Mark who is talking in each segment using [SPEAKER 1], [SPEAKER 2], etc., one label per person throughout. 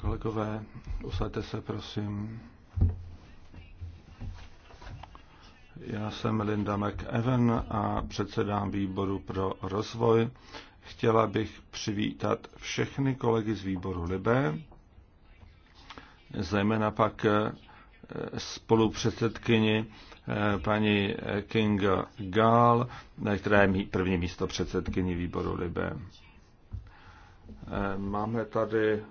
[SPEAKER 1] Kolegové, usaďte se, prosím. Já jsem Linda McEwen a předsedám výboru pro rozvoj. Chtěla bych přivítat všechny kolegy z výboru Libé, zejména pak eh, spolupředsedkyni paní King Gall, která je první místo předsedkyní výboru Libe. Eh, máme tady eh,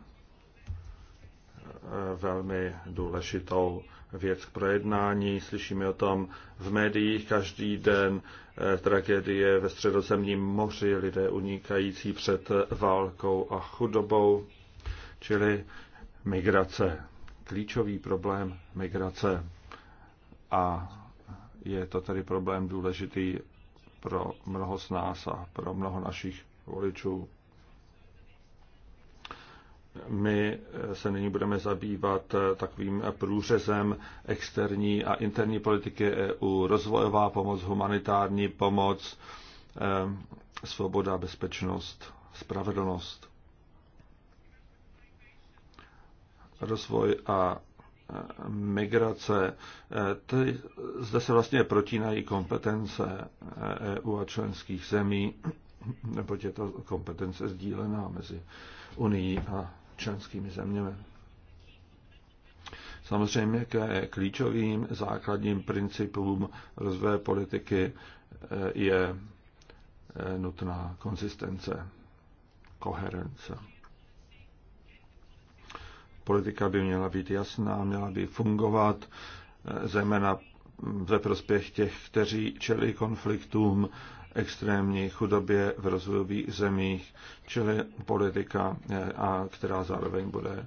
[SPEAKER 1] velmi důležitou věc k projednání. Slyšíme o tom v médiích každý den. Eh, tragédie ve středozemním moři, lidé unikající před válkou a chudobou, čili migrace. Klíčový problém migrace. A je to tedy problém důležitý pro mnoho z nás a pro mnoho našich voličů. My se nyní budeme zabývat takovým průřezem externí a interní politiky EU, rozvojová pomoc, humanitární pomoc, eh, svoboda, bezpečnost, spravedlnost. Rozvoj a migrace. zde se vlastně protínají kompetence EU a členských zemí, nebo je to kompetence sdílená mezi Unii a členskými zeměmi. Samozřejmě ke klíčovým základním principům rozvoje politiky je nutná konzistence, koherence. Politika by měla být jasná, měla by fungovat, eh, zejména ve prospěch těch, kteří čelí konfliktům, extrémní chudobě v rozvojových zemích, čili politika, eh, a která zároveň bude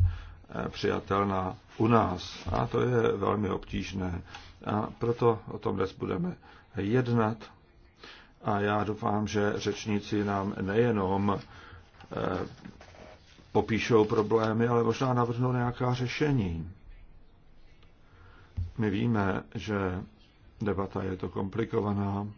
[SPEAKER 1] eh, přijatelná u nás. A to je velmi obtížné. A proto o tom dnes budeme jednat. A já doufám, že řečníci nám nejenom popíšou problémy, ale možná navrhnou nějaká řešení. My víme, že debata je to komplikovaná.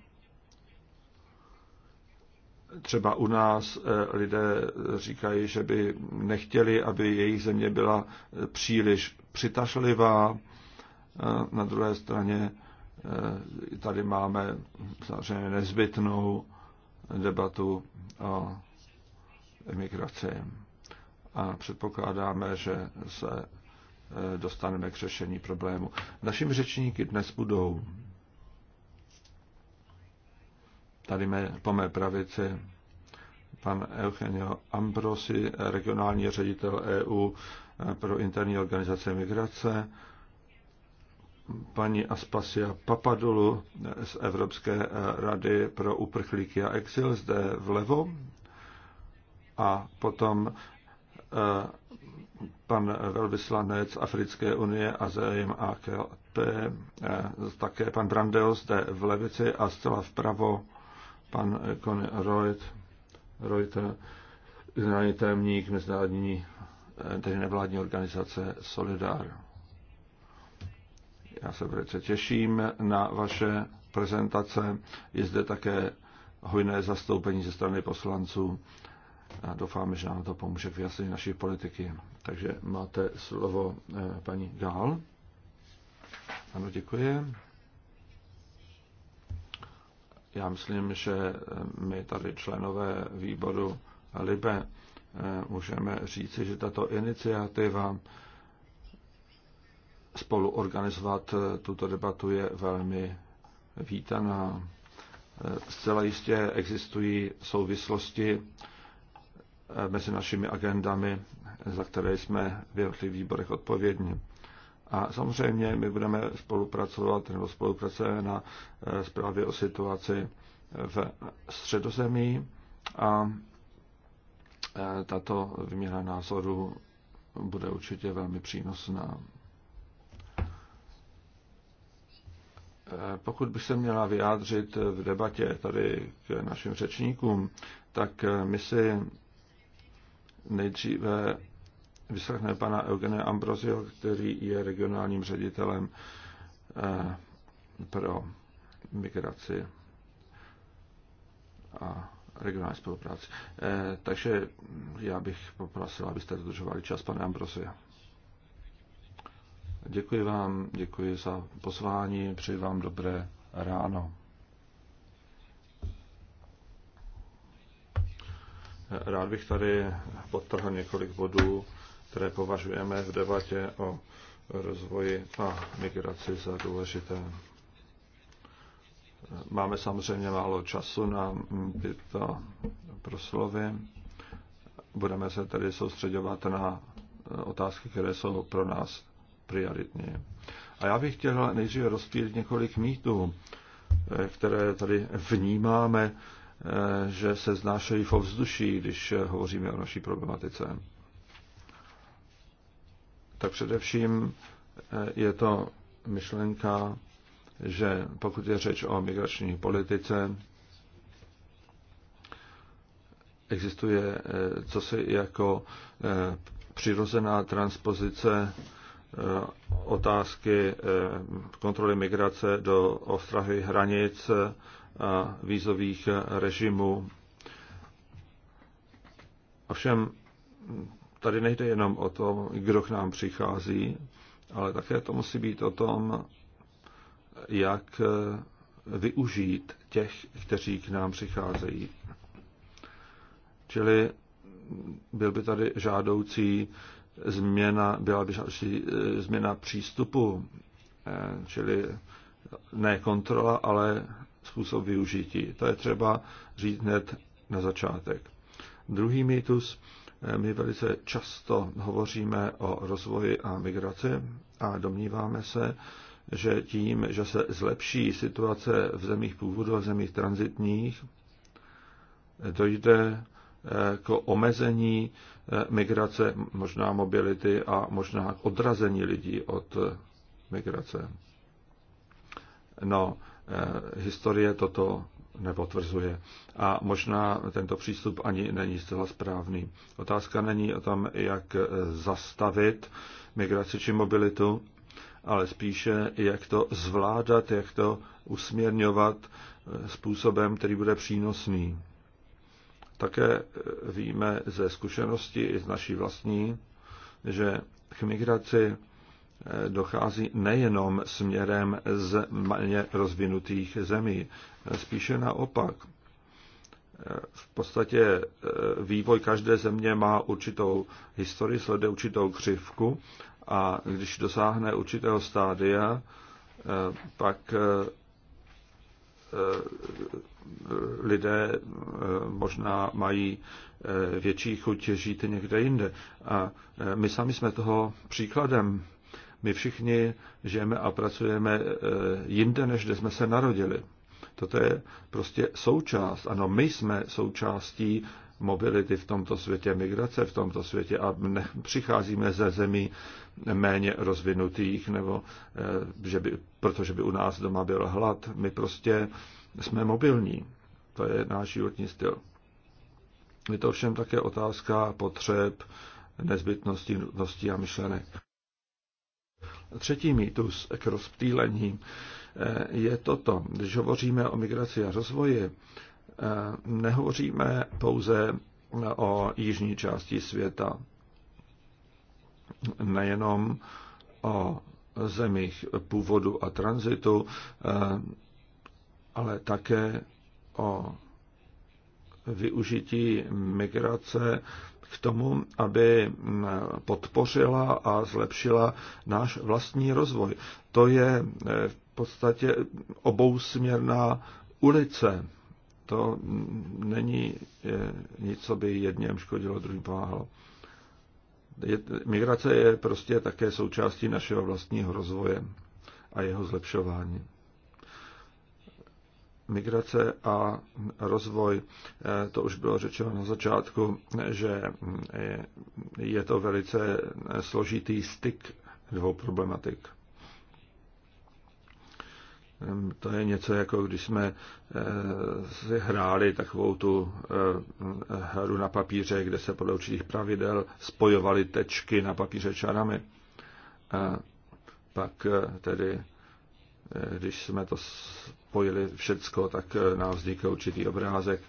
[SPEAKER 1] Třeba u nás eh, lidé říkají, že by nechtěli, aby jejich země byla eh, příliš přitažlivá. Eh, na druhé straně tady máme samozřejmě nezbytnou debatu o emigraci a předpokládáme, že se e, dostaneme k řešení problému. Našimi řečníky dnes budou tady mé, po mé pravici pan Eugenio Ambrosi, regionální ředitel EU e, pro interní organizace migrace, paní Aspasia Papadulu z Evropské e, rady pro uprchlíky a exil zde vlevo a potom Eh, pan velvyslanec Africké unie Azem AKP, eh, také pan Brandel zde v levici a zcela vpravo pan Conny Reut, Reuter, generální témník mezinárodní, eh, tedy nevládní organizace Solidar. Já se velice těším na vaše prezentace. Je zde také hojné zastoupení ze strany poslanců a doufáme, že nám to pomůže k vyjasnění naší politiky. Takže máte slovo eh, paní Gál. Ano, děkuji. Já myslím, že eh, my tady členové výboru LIBE eh, můžeme říci, že tato iniciativa spolu organizovat tuto debatu je velmi vítaná. Zcela jistě existují souvislosti Eh, mezi našimi agendami, za které jsme v jednotlivých výborech odpovědní. A samozřejmě my budeme spolupracovat nebo spolupracujeme na eh, zprávě o situaci v středozemí a eh, tato výměna názorů bude určitě velmi přínosná. Pokud bych se měla vyjádřit v debatě tady k našim řečníkům, tak my si nejdříve vyslechne pana Eugene Ambrosio, který je regionálním ředitelem eh, pro migraci a regionální spolupráci. Eh, takže já bych poprosil, abyste dodržovali čas, pane Ambrosia. Děkuji vám, děkuji za pozvání, přeji vám dobré ráno. Rád bych tady podtrhl několik bodů, které považujeme v debatě o rozvoji a migraci za důležité. Máme samozřejmě málo času na tyto proslovy. Budeme se tedy soustředovat na otázky, které jsou pro nás prioritní. A já bych chtěl nejdříve rozpílit několik mýtů, které tady vnímáme Eh, že se znášejí v ovzduší, když hovoříme o naší problematice. Tak především eh, je to myšlenka, že pokud je řeč o migrační politice, existuje eh, co si jako přirozená transpozice otázky kontroly migrace do ostrahy hranic a vízových režimů. Ovšem, tady nejde jenom o to, kdo k nám přichází, ale také to musí být o tom, jak využít těch, kteří k nám přicházejí. Čili byl by tady žádoucí změna, byla by žádoucí e, změna přístupu, e, čili ne kontrola, ale způsob využití. To je třeba říct hned na začátek. Druhý mýtus, eh, my velice často hovoříme o rozvoji a migraci a domníváme se, že tím, že se zlepší situace v zemích původu a v zemích transitních, dojde eh, k omezení eh, migrace, možná mobility a možná k odrazení lidí od migrace. No, Eh, historie toto nepotvrzuje. A možná tento přístup ani není zcela správný. Otázka není o tom, jak eh, zastavit migraci či mobilitu, ale spíše jak to zvládat, jak to usměrňovat eh, způsobem, který bude přínosný. Také víme ze zkušenosti i z naší vlastní, že k migraci Eh, dochází nejenom směrem z méně rozvinutých zemí, eh, spíše naopak. Eh, v podstatě vývoj každé země má určitou historii, sleduje určitou křivku a když dosáhne určitého stádia, pak lidé možná mají větší chuť žít někde jinde. A my sami jsme toho příkladem. My všichni žijeme a pracujeme e, jinde, než kde jsme se narodili. Toto je prostě součást. Ano, my jsme součástí mobility v tomto světě, migrace v tomto světě a ne, přicházíme ze zemí méně rozvinutých, nebo e, že by, protože by u nás doma byl hlad. My prostě jsme mobilní. To je náš životní styl. Je to všem také otázka potřeb, nezbytností, nutností a myšlenek. Třetí mýtus k rozptýlení eh, je toto. Když hovoříme o migraci a rozvoji, eh, nehovoříme pouze o jižní části světa, nejenom o zemích původu a tranzitu, eh, ale také o využití migrace k tomu, aby mm, podpořila a zlepšila náš vlastní rozvoj. To je e, v podstatě obousměrná ulice. To mm, není e, nic, co by jedním škodilo, druhým pomáhalo. Je, migrace je prostě také součástí našeho vlastního rozvoje a jeho zlepšování migrace a rozvoj. Eh, to už bylo řečeno na začátku, že eh, je to velice eh, složitý styk dvou problematik. Ehm, to je něco jako když jsme si hráli takovou tu hru na papíře, kde se podle určitých pravidel spojovaly tečky na papíře čarami. A pak tedy, když jsme to spojili všecko, tak eh, nám vznikl určitý obrázek.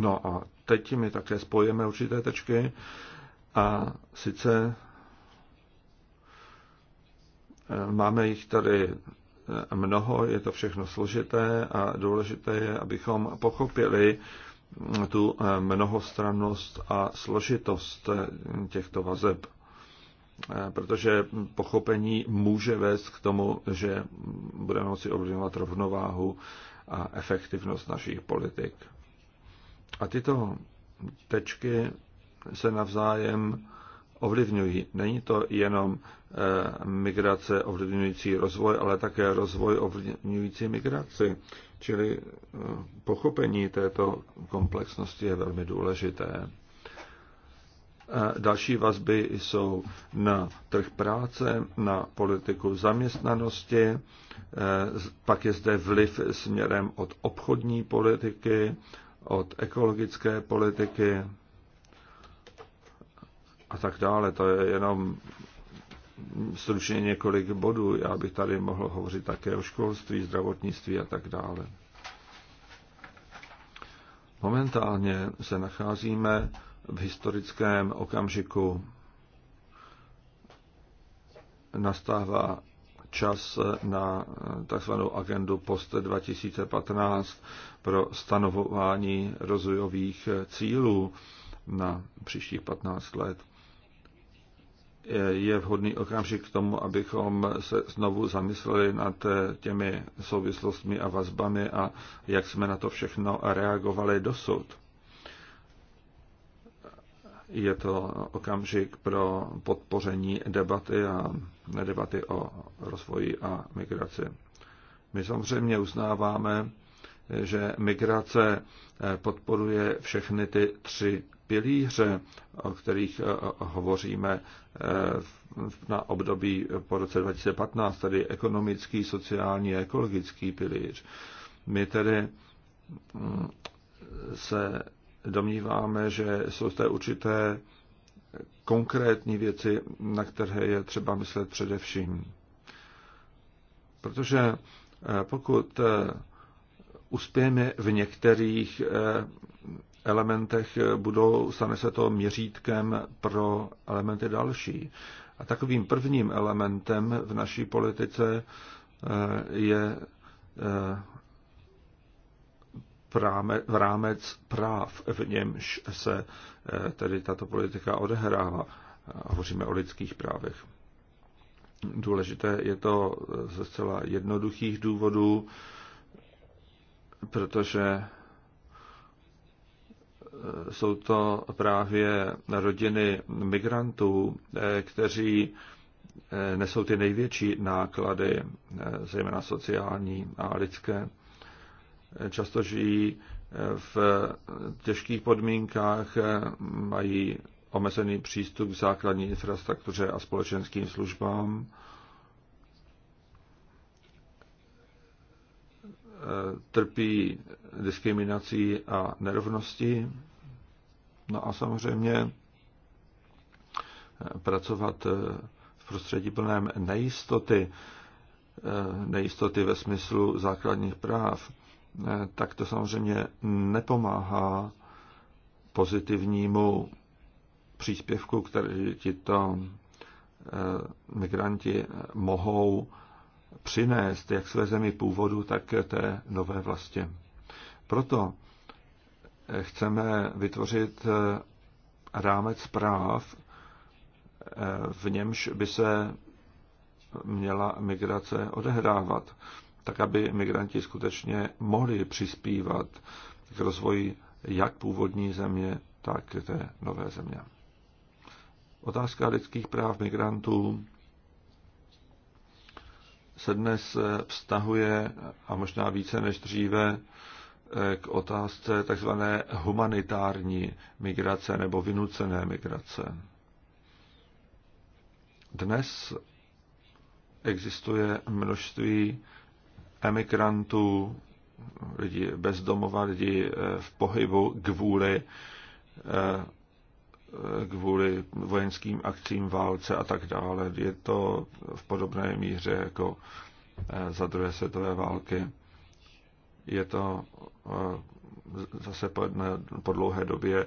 [SPEAKER 1] No a teď my také spojíme určité tečky a sice eh, máme jich tady eh, mnoho, je to všechno složité a důležité je, abychom pochopili mm, tu mnohostrannost a složitost těchto vazeb. Eh, protože pochopení může vést k tomu, že budeme moci ovlivňovat rovnováhu a efektivnost našich politik. A tyto tečky se navzájem ovlivňují. Není to jenom eh, migrace ovlivňující rozvoj, ale také rozvoj ovlivňující migraci. Čili eh, pochopení této komplexnosti je velmi důležité. Další vazby jsou na trh práce, na politiku zaměstnanosti, e, pak je zde vliv směrem od obchodní politiky, od ekologické politiky a tak dále. To je jenom stručně několik bodů. Já bych tady mohl hovořit také o školství, zdravotnictví a tak dále. Momentálně se nacházíme v historickém okamžiku nastává čas na tzv. agendu post 2015 pro stanovování rozvojových cílů na příštích 15 let. Je vhodný okamžik k tomu, abychom se znovu zamysleli nad těmi souvislostmi a vazbami a jak jsme na to všechno reagovali dosud je to okamžik pro podpoření debaty a debaty o rozvoji a migraci. My samozřejmě uznáváme, že migrace eh, podporuje všechny ty tři pilíře, o kterých eh, hovoříme eh, na období po roce 2015, tedy ekonomický, sociální a ekologický pilíř. My tedy mm, se domníváme, že jsou zde určité konkrétní věci, na které je třeba myslet především. Protože eh, pokud eh, uspějeme v některých eh, elementech, budou, stane se to měřítkem pro elementy další. A takovým prvním elementem v naší politice je v rámec práv, v němž se eh, tedy tato politika odehrává. Hovoříme o lidských právech. Důležité je to eh, ze zcela jednoduchých důvodů, protože eh, jsou to právě rodiny migrantů, kteří nesou ty největší náklady, zejména sociální a lidské často žijí eh, v eh, těžkých podmínkách, eh, mají omezený přístup k základní infrastruktuře a společenským službám. Trpí diskriminací a nerovností. No a samozřejmě pracovat v prostředí plném nejistoty, nejistoty ve smyslu základních práv, Eh, tak to samozřejmě nepomáhá pozitivnímu příspěvku, který tito eh, migranti mohou přinést jak své zemi původu, tak té nové vlasti. Proto eh, chceme vytvořit rámec práv, v němž by se měla migrace odehrávat tak aby migranti skutečně mohli přispívat k rozvoji jak původní země, tak té nové země. Otázka lidských práv migrantů se dnes vztahuje, a možná více než dříve, k otázce tzv. humanitární migrace nebo vynucené migrace. Dnes existuje množství emigrantů, lidí bezdomova, lidí eh, v pohybu kvůli, eh, kvůli vojenským akcím, válce a tak dále. Je to v podobné míře jako eh, za druhé světové války. Je to zase po dlouhé době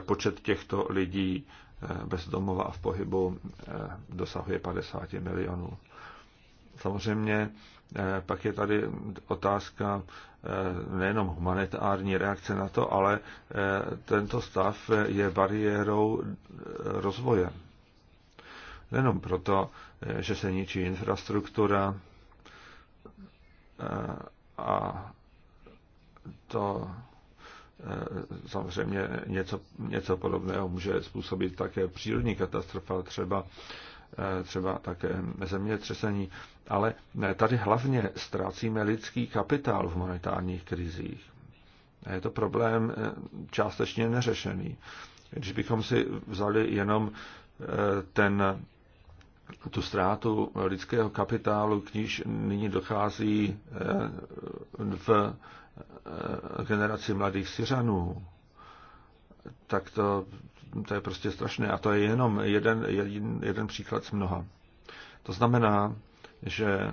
[SPEAKER 1] počet těchto lidí bezdomova a v pohybu dosahuje 50 milionů. Samozřejmě Eh, pak je tady otázka eh, nejenom humanitární reakce na to, ale eh, tento stav je bariérou rozvoje. Nejenom proto, že se ničí infrastruktura a to samozřejmě něco, něco podobného může způsobit také přírodní katastrofa, třeba Eh, třeba také zemětřesení, ale tady hlavně ztrácíme lidský kapitál v monetárních krizích. Je to problém eh, částečně neřešený. Když bychom si vzali jenom eh, ten, tu ztrátu lidského kapitálu, k níž nyní dochází v generaci mladých Syřanů, tak to to je prostě strašné. A to je jenom jeden, jeden, jeden příklad z mnoha. To znamená, že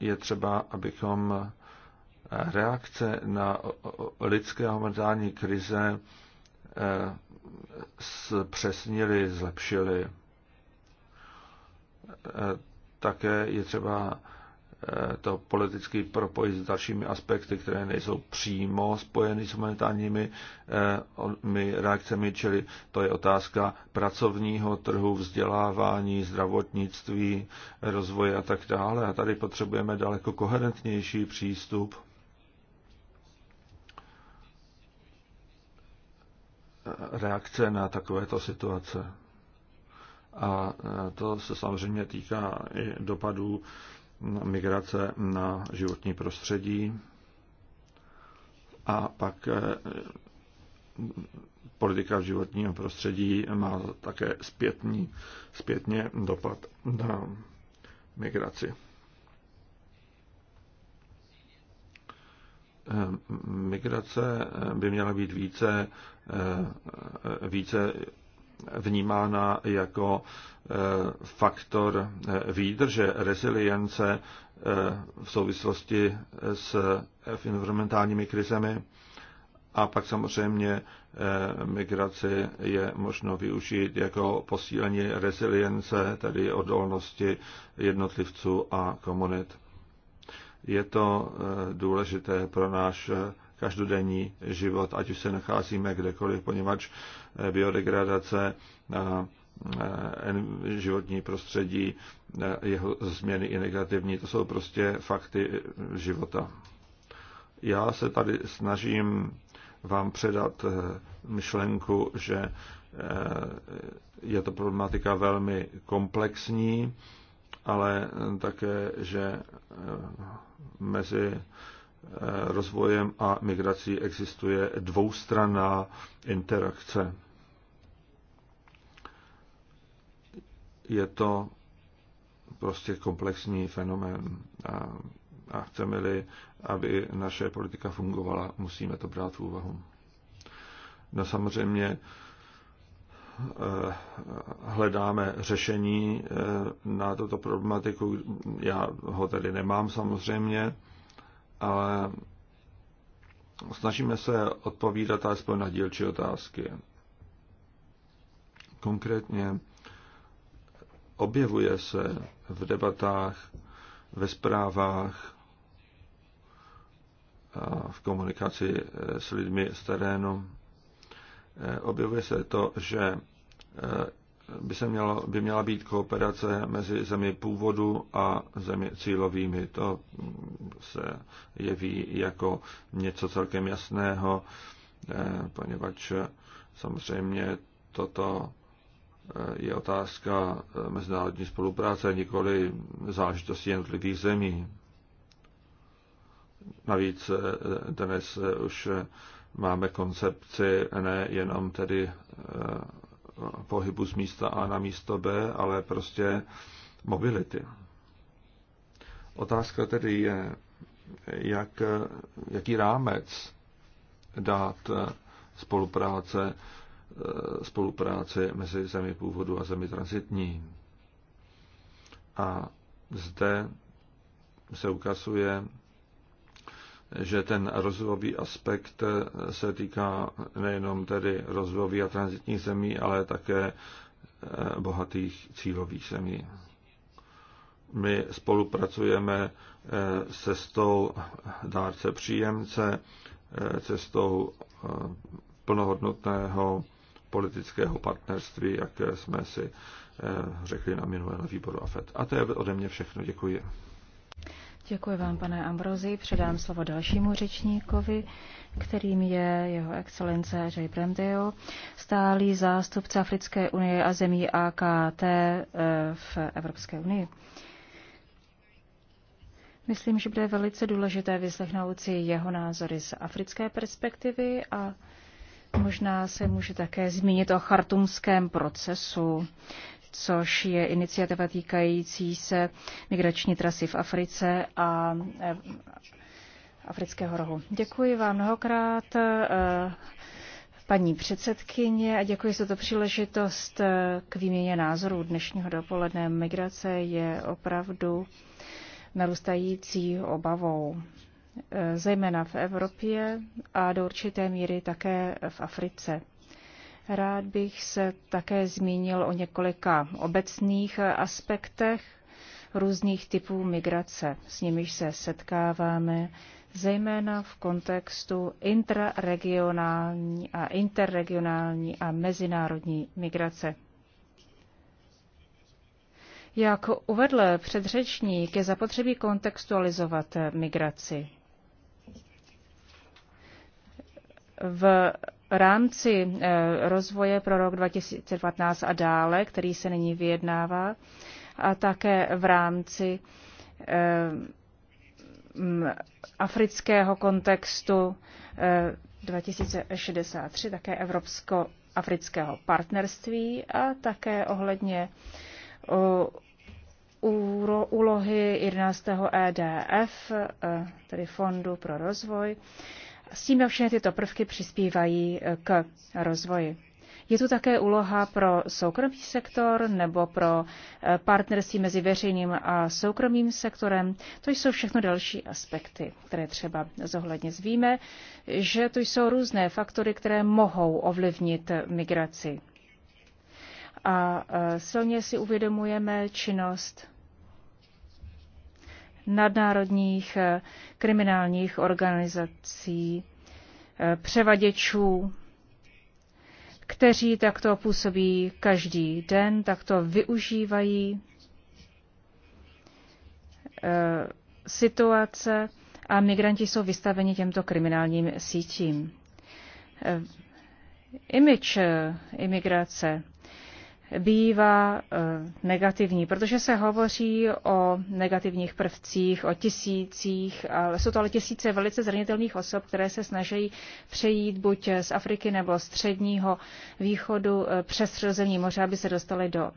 [SPEAKER 1] je třeba, abychom reakce na lidské a humanitární krize eh, zpřesnili, zlepšili. Eh, také je třeba to politicky propojit s dalšími aspekty, které nejsou přímo spojeny s humanitárními eh, reakcemi, čili to je otázka pracovního trhu, vzdělávání, zdravotnictví, rozvoje a tak dále. A tady potřebujeme daleko koherentnější přístup. reakce na takovéto situace. A eh, to se samozřejmě týká i dopadů migrace na životní prostředí a pak eh, politika životního prostředí má také zpětní, zpětně dopad na migraci. Eh, migrace by měla být více, eh, více vnímána jako e, faktor výdrže, e, rezilience e, v souvislosti s environmentálními krizemi. A pak samozřejmě migraci je možno využít jako posílení rezilience, tedy odolnosti jednotlivců a komunit. Je to důležité pro náš každodenní život, ať už se nacházíme kdekoliv, poněvadž eh, biodegradace a eh, životní prostředí, eh, jeho změny i negativní, to jsou prostě fakty života. Já se tady snažím vám předat myšlenku, že je to problematika velmi komplexní, ale také, že mezi Eh, rozvojem a migrací existuje dvoustranná interakce. Je to prostě komplexní fenomén a, a chceme-li, aby naše politika fungovala, musíme to brát v úvahu. No samozřejmě eh, hledáme řešení eh, na tuto problematiku. Já ho tedy nemám samozřejmě, ale snažíme se odpovídat alespoň na dílčí otázky. Konkrétně objevuje se v debatách, ve zprávách, a v komunikaci s lidmi z terénu, objevuje se to, že by, se mělo, by měla být kooperace mezi zemi původu a zemi cílovými. To mm, se jeví jako něco celkem jasného, eh, poněvadž eh, samozřejmě toto eh, je otázka mezinárodní spolupráce, nikoli záležitosti jednotlivých zemí. Navíc dnes už máme koncepci nejenom tedy pohybu z místa A na místo B, ale prostě mobility. Otázka tedy je, jak, jaký rámec dát spolupráce, spolupráci mezi zemi původu a zemi transitní. A zde se ukazuje, že ten rozvojový aspekt eh, se týká nejenom tedy rozvojových a transitních zemí, ale také eh, bohatých cílových zemí. My spolupracujeme eh, se cestou dárce příjemce, cestou plnohodnotného politického partnerství, jak jsme si řekli na minulé na výboru AFED. A to je ode mě všechno. Děkuji.
[SPEAKER 2] Děkuji vám, pane Ambrozi. Předám slovo dalšímu řečníkovi, kterým je jeho excelence Jay Bremdeo, stálý zástupce Africké unie a zemí AKT eh, v Evropské unii. Myslím, že bude velice důležité vyslechnout si jeho názory z africké perspektivy a možná se může také zmínit o chartumském procesu, což je iniciativa týkající se migrační trasy v Africe a eh, Afrického rohu. Děkuji vám mnohokrát, eh, paní předsedkyně, a děkuji za to příležitost eh, k výměně názorů dnešního dopoledne. Migrace je opravdu narůstající obavou, zejména v Evropě a do určité míry také v Africe. Rád bych se také zmínil o několika obecných aspektech různých typů migrace, s nimiž se setkáváme, zejména v kontextu intraregionální a interregionální a mezinárodní migrace. Jak uvedl předřečník, je zapotřebí kontextualizovat migraci. V rámci eh, rozvoje pro rok 2015 a dále, který se nyní vyjednává, a také v rámci eh, afrického kontextu 2063, eh, také evropsko-afrického partnerství a také ohledně úlohy 11. EDF, tedy Fondu pro rozvoj, s tím, všechny tyto prvky přispívají eh, k rozvoji. Je tu také úloha pro soukromý sektor nebo pro eh, partnerství mezi veřejným a soukromým sektorem. To jsou všechno další aspekty, které třeba zohledně zvíme, že to jsou různé faktory, které mohou ovlivnit eh, migraci. A silně si uvědomujeme činnost nadnárodních eh, kriminálních organizací, eh, převaděčů, kteří takto působí každý den, takto využívají eh, situace a migranti jsou vystaveni těmto kriminálním sítím. Image imigrace bývá eh, negativní, protože se hovoří o negativních prvcích, o tisících, ale jsou to ale tisíce velice zranitelných osob, které se snaží přejít buď z Afriky nebo středního východu eh, přes Středozemní moře, aby se dostali do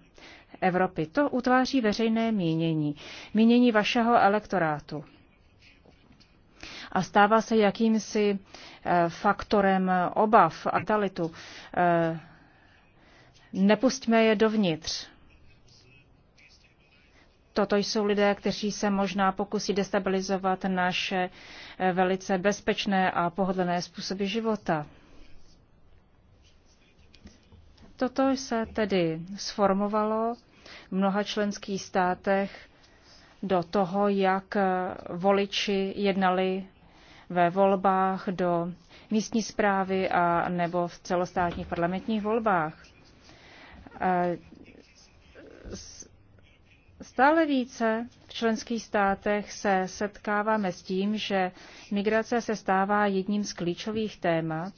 [SPEAKER 2] Evropy. To utváří veřejné mínění, mínění vašeho elektorátu. A stává se jakýmsi eh, faktorem obav a talitu Nepustíme je dovnitř. Toto jsou lidé, kteří se možná pokusí destabilizovat naše eh, velice bezpečné a pohodlné způsoby života. Toto se tedy sformovalo v mnoha členských státech do toho, jak eh, voliči jednali ve volbách do místní zprávy a nebo v celostátních parlamentních volbách. Eh, stále více v členských státech se setkáváme s tím, že migrace se stává jedním z klíčových témat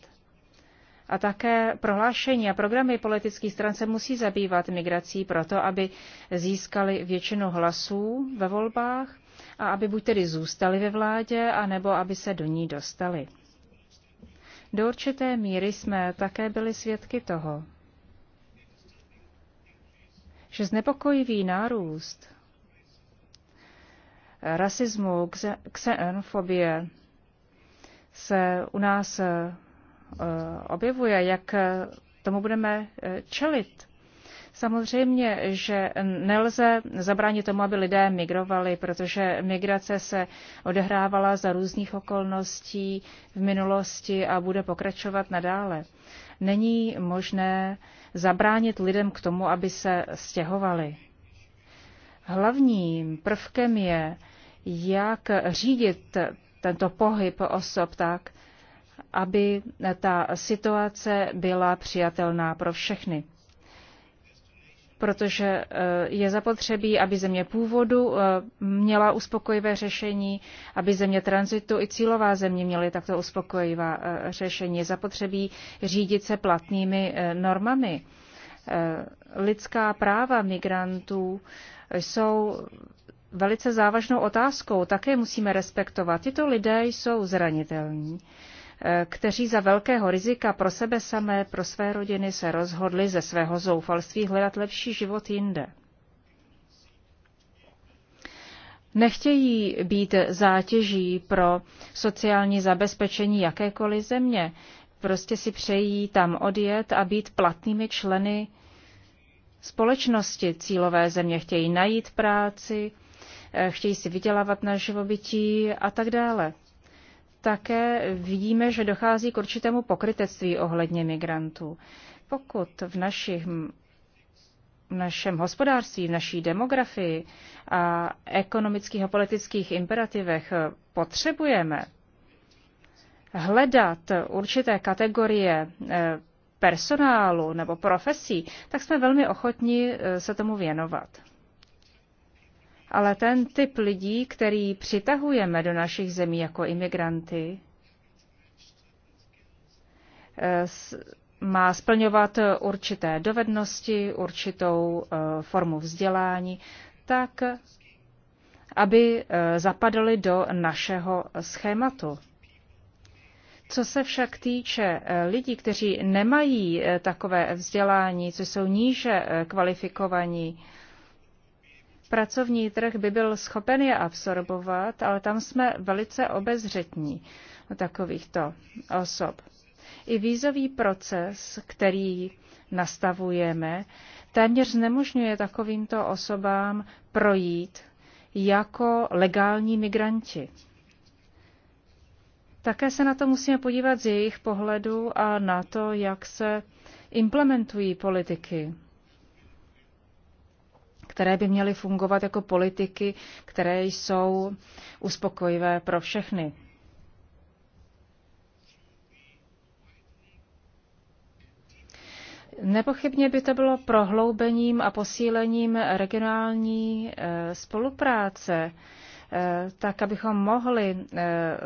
[SPEAKER 2] a také prohlášení a programy politických stran se musí zabývat migrací proto, aby získali většinu hlasů ve volbách a aby buď tedy zůstali ve vládě, anebo aby se do ní dostali. Do určité míry jsme také byli svědky toho, že znepokojivý nárůst rasismu, xenofobie se u nás eh, objevuje, jak tomu budeme eh, čelit. Samozřejmě, že nelze zabránit tomu, aby lidé migrovali, protože migrace se odehrávala za různých okolností v minulosti a bude pokračovat nadále. Není možné zabránit lidem k tomu, aby se stěhovali. Hlavním prvkem je, jak řídit tento pohyb osob tak, aby ta situace byla přijatelná pro všechny protože eh, je zapotřebí, aby země původu eh, měla uspokojivé řešení, aby země tranzitu i cílová země měly takto uspokojivá eh, řešení. Je zapotřebí řídit se platnými normami. Lidská práva migrantů jsou velice závažnou otázkou. Také musíme respektovat. Tyto lidé jsou zranitelní Eh, kteří za velkého rizika pro sebe samé, pro své rodiny se rozhodli ze svého zoufalství hledat lepší život jinde. Nechtějí být zátěží pro sociální zabezpečení jakékoliv země. Prostě si přejí tam odjet a být platnými členy společnosti cílové země. Chtějí najít práci, eh, chtějí si vydělávat na živobytí a tak dále také vidíme, že dochází k určitému pokrytectví ohledně migrantů. Pokud v našich v našem hospodářství, v naší demografii a ekonomických a politických imperativech potřebujeme hledat určité kategorie eh, personálu nebo profesí, tak jsme velmi ochotni eh, se tomu věnovat ale ten typ lidí, který přitahujeme do našich zemí jako imigranty, má splňovat určité dovednosti, určitou e, formu vzdělání, tak aby e, zapadly do našeho schématu. Co se však týče e, lidí, kteří nemají takové vzdělání, co jsou níže kvalifikovaní, pracovní trh by byl schopen je absorbovat, ale tam jsme velice obezřetní o takovýchto osob. I výzový proces, který nastavujeme, téměř znemožňuje takovýmto osobám projít jako legální migranti. Také se na to musíme podívat z jejich pohledu a na to, jak se implementují politiky které by měly fungovat jako politiky, které jsou uspokojivé pro všechny. Nepochybně by to bylo prohloubením a posílením regionální eh, spolupráce, eh, tak abychom mohli eh,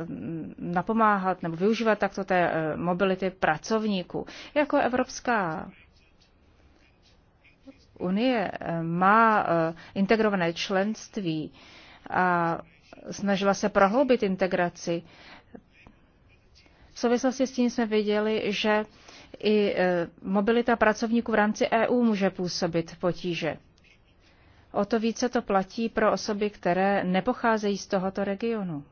[SPEAKER 2] napomáhat nebo využívat takto té mobility pracovníků. Jako Evropská unie eh, má eh, integrované členství a snažila se prohloubit integraci. V souvislosti s tím jsme viděli, že i eh, mobilita pracovníků v rámci EU může působit potíže. O to více to platí pro osoby, které nepocházejí z tohoto regionu.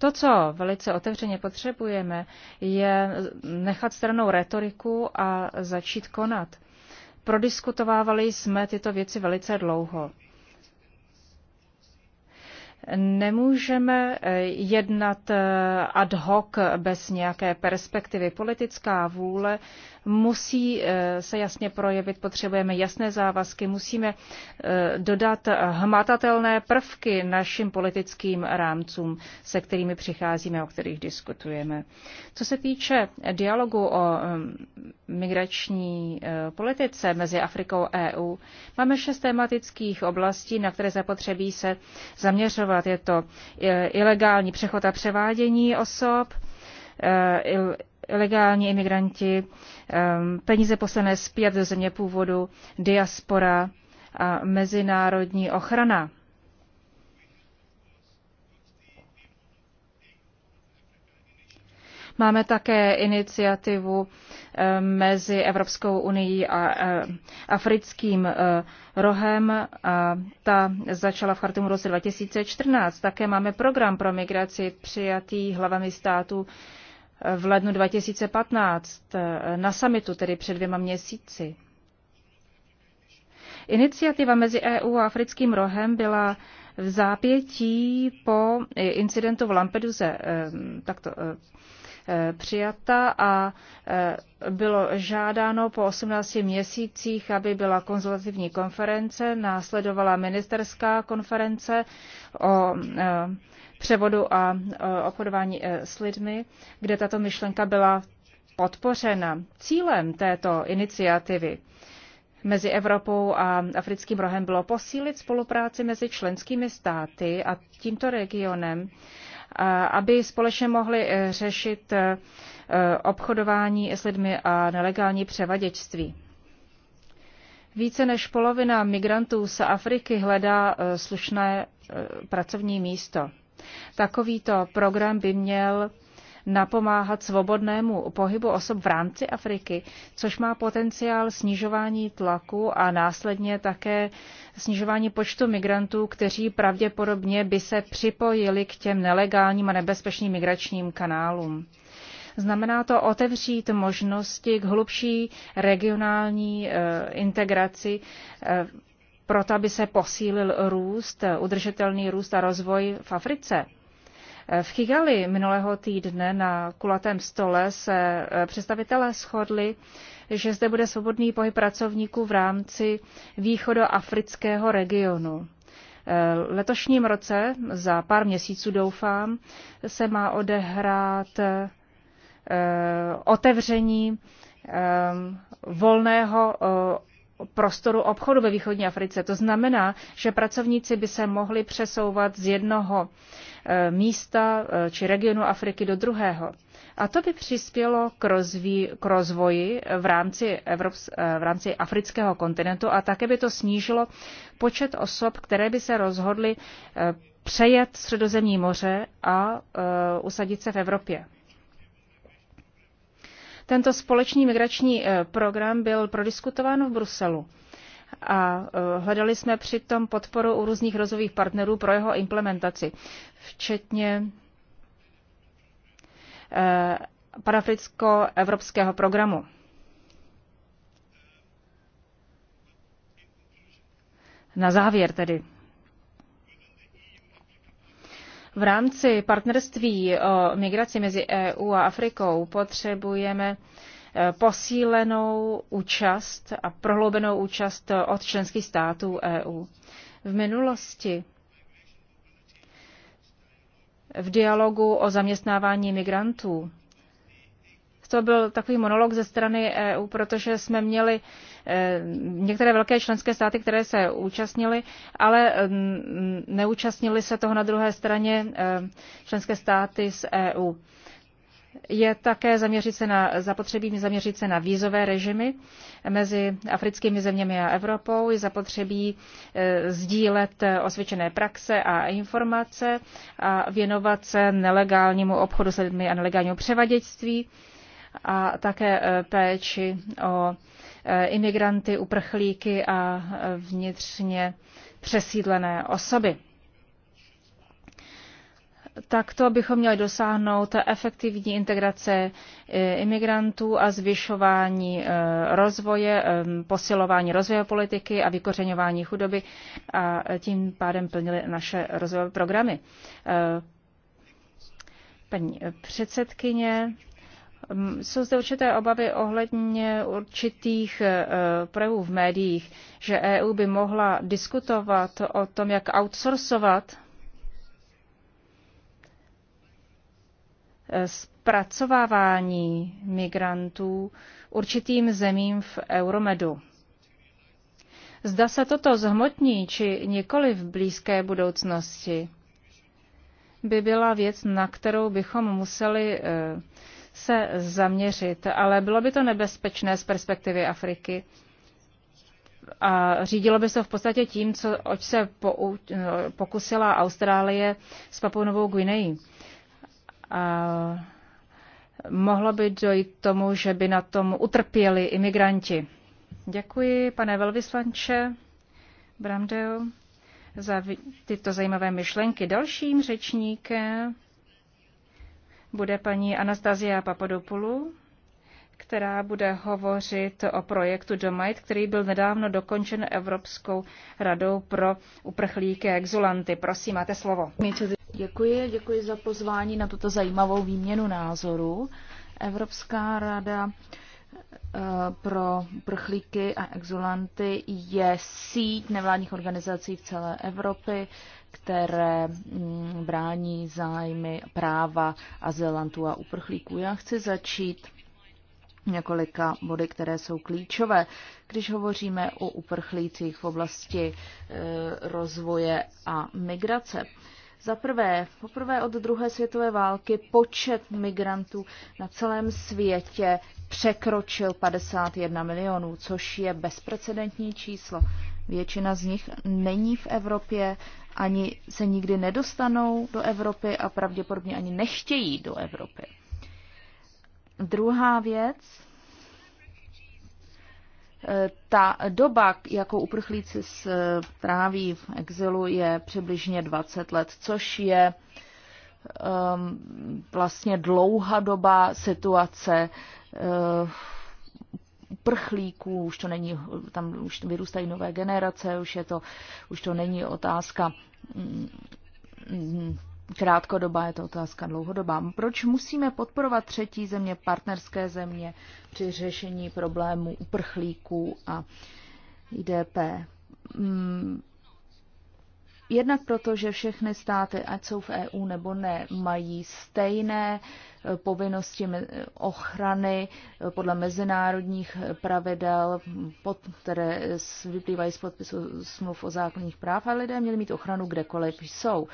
[SPEAKER 2] To, co velice otevřeně potřebujeme, je nechat stranou retoriku a začít konat. Prodiskutovávali jsme tyto věci velice dlouho. Nemůžeme eh, jednat eh, ad hoc bez nějaké perspektivy. Politická vůle musí eh, se jasně projevit, potřebujeme jasné závazky, musíme eh, dodat hmatatelné prvky našim politickým rámcům, se kterými přicházíme, o kterých diskutujeme. Co se týče dialogu o mm, migrační eh, politice mezi Afrikou a EU, máme šest tematických oblastí, na které zapotřebí se zaměřovat. Je to ilegální přechod a převádění osob, legální imigranti, ehm, peníze poslané zpět do země původu, diaspora a mezinárodní ochrana. Máme také iniciativu ehm, mezi Evropskou unii a eh, africkým eh, rohem. A ta začala v Chartumu roce 2014. Také máme program pro migraci přijatý hlavami států v lednu 2015 na samitu, tedy před dvěma měsíci. Iniciativa mezi EU a Africkým rohem byla v zápětí po incidentu v Lampeduze eh, takto eh, eh, přijata a bylo žádáno po 18 měsících, aby byla konzultativní konference, následovala ministerská konference o převodu a e, obchodování e, s lidmi, kde tato myšlenka byla podpořena. Cílem této iniciativy mezi Evropou a Africkým rohem bylo posílit spolupráci mezi členskými státy a tímto regionem, e, aby společně mohli řešit obchodování s lidmi a nelegální převaděčství. Více než polovina migrantů z Afriky hledá slušné pracovní místo. Takovýto program by měl napomáhat svobodnému pohybu osob v rámci Afriky, což má potenciál snižování tlaku a následně také snižování počtu migrantů, kteří pravděpodobně by se připojili k těm nelegálním a nebezpečným migračním kanálům. Znamená to otevřít možnosti k hlubší regionální eh, integraci eh, proto, aby se posílil růst, udržitelný růst a rozvoj v Africe. V Kigali minulého týdne na kulatém stole se eh, představitelé shodli, že zde bude svobodný pohyb pracovníků v rámci východoafrického regionu. Eh, letošním roce, za pár měsíců doufám, se má odehrát eh, otevření volného prostoru obchodu ve východní Africe. To znamená, že pracovníci by se mohli přesouvat z jednoho e, místa e, či regionu Afriky do druhého. A to by přispělo k, rozví, k rozvoji v rámci, Evrops, e, v rámci afrického kontinentu a také by to snížilo počet osob, které by se rozhodly přejet Středozemní moře a usadit se v Evropě. Tento společný migrační eh, program byl prodiskutován v Bruselu a eh, hledali jsme přitom podporu u různých rozových partnerů pro jeho implementaci, včetně eh, parafricko evropského programu. Na závěr tedy v rámci partnerství o eh, migraci mezi EU a Afrikou potřebujeme eh, posílenou účast a prohloubenou účast eh, od členských států EU. V minulosti v dialogu o zaměstnávání migrantů. To byl takový monolog ze strany EU, protože jsme měli Eh, některé velké členské státy, které se účastnily, ale mm, neúčastnily se toho na druhé straně eh, členské státy z EU. Je také zaměřit se na, zapotřebí zaměřit se na vízové režimy mezi africkými zeměmi a Evropou, je zapotřebí eh, sdílet osvědčené praxe a informace a věnovat se nelegálnímu obchodu s lidmi a nelegálnímu převaděčství a také péči o Eh, imigranty, uprchlíky a eh, vnitřně přesídlené osoby. Takto bychom měli dosáhnout efektivní integrace eh, imigrantů a zvyšování rozvoje, posilování rozvoje politiky a vykořeňování chudoby a tím pádem plnili naše rozvojové programy. Paní předsedkyně, Ehm, jsou zde určité obavy ohledně určitých eh, projevů v médiích, že EU by mohla diskutovat o tom, jak outsourcovat eh, zpracovávání migrantů určitým zemím v Euromedu. Zda se toto zhmotní či nikoli v blízké budoucnosti, by byla věc, na kterou bychom museli eh, se zaměřit, ale bylo by to nebezpečné z perspektivy Afriky. A řídilo by se v podstatě tím, co, oč se pou, no, pokusila Austrálie s Papunovou Guineí. A mohlo by dojít tomu, že by na tom utrpěli imigranti. Děkuji, pane velvyslanče Bramdeo, za tyto zajímavé myšlenky. Dalším řečníkem bude paní Anastazia Papadopoulou, která bude hovořit o projektu Domajt, který byl nedávno dokončen Evropskou radou pro uprchlíky a exulanty.
[SPEAKER 3] Prosím, máte slovo. Děkuji, děkuji za pozvání na tuto zajímavou výměnu názorů. Evropská rada eh, pro uprchlíky a exulanty je síť nevládních organizací v celé Evropě, které mm, brání zájmy práva azylantů a uprchlíků. Já chci začít několika body, které jsou klíčové, když hovoříme o uprchlících v oblasti e, rozvoje a migrace. Za prvé, poprvé od druhé světové války počet migrantů na celém světě překročil 51 milionů, což je bezprecedentní číslo. Většina z nich není v Evropě, ani se nikdy nedostanou do Evropy a pravděpodobně ani nechtějí do Evropy. Druhá věc, e, ta doba, jakou uprchlíci stráví e, v exilu, je přibližně 20 let, což je um, vlastně dlouhá doba situace uh, uprchlíků, už to není, tam už vyrůstají nové generace, už je to, už to není otázka mm, krátkodobá, je to otázka dlouhodobá. Proč musíme podporovat třetí země, partnerské země při řešení problémů uprchlíků a IDP? Mm, Jednak proto, že všechny státy, ať jsou v EU nebo ne, mají stejné eh, povinnosti ochrany eh, podle mezinárodních eh, pravidel, pod, které vyplývají z podpisu smluv o základních práv a lidé měli mít ochranu kdekoliv jsou.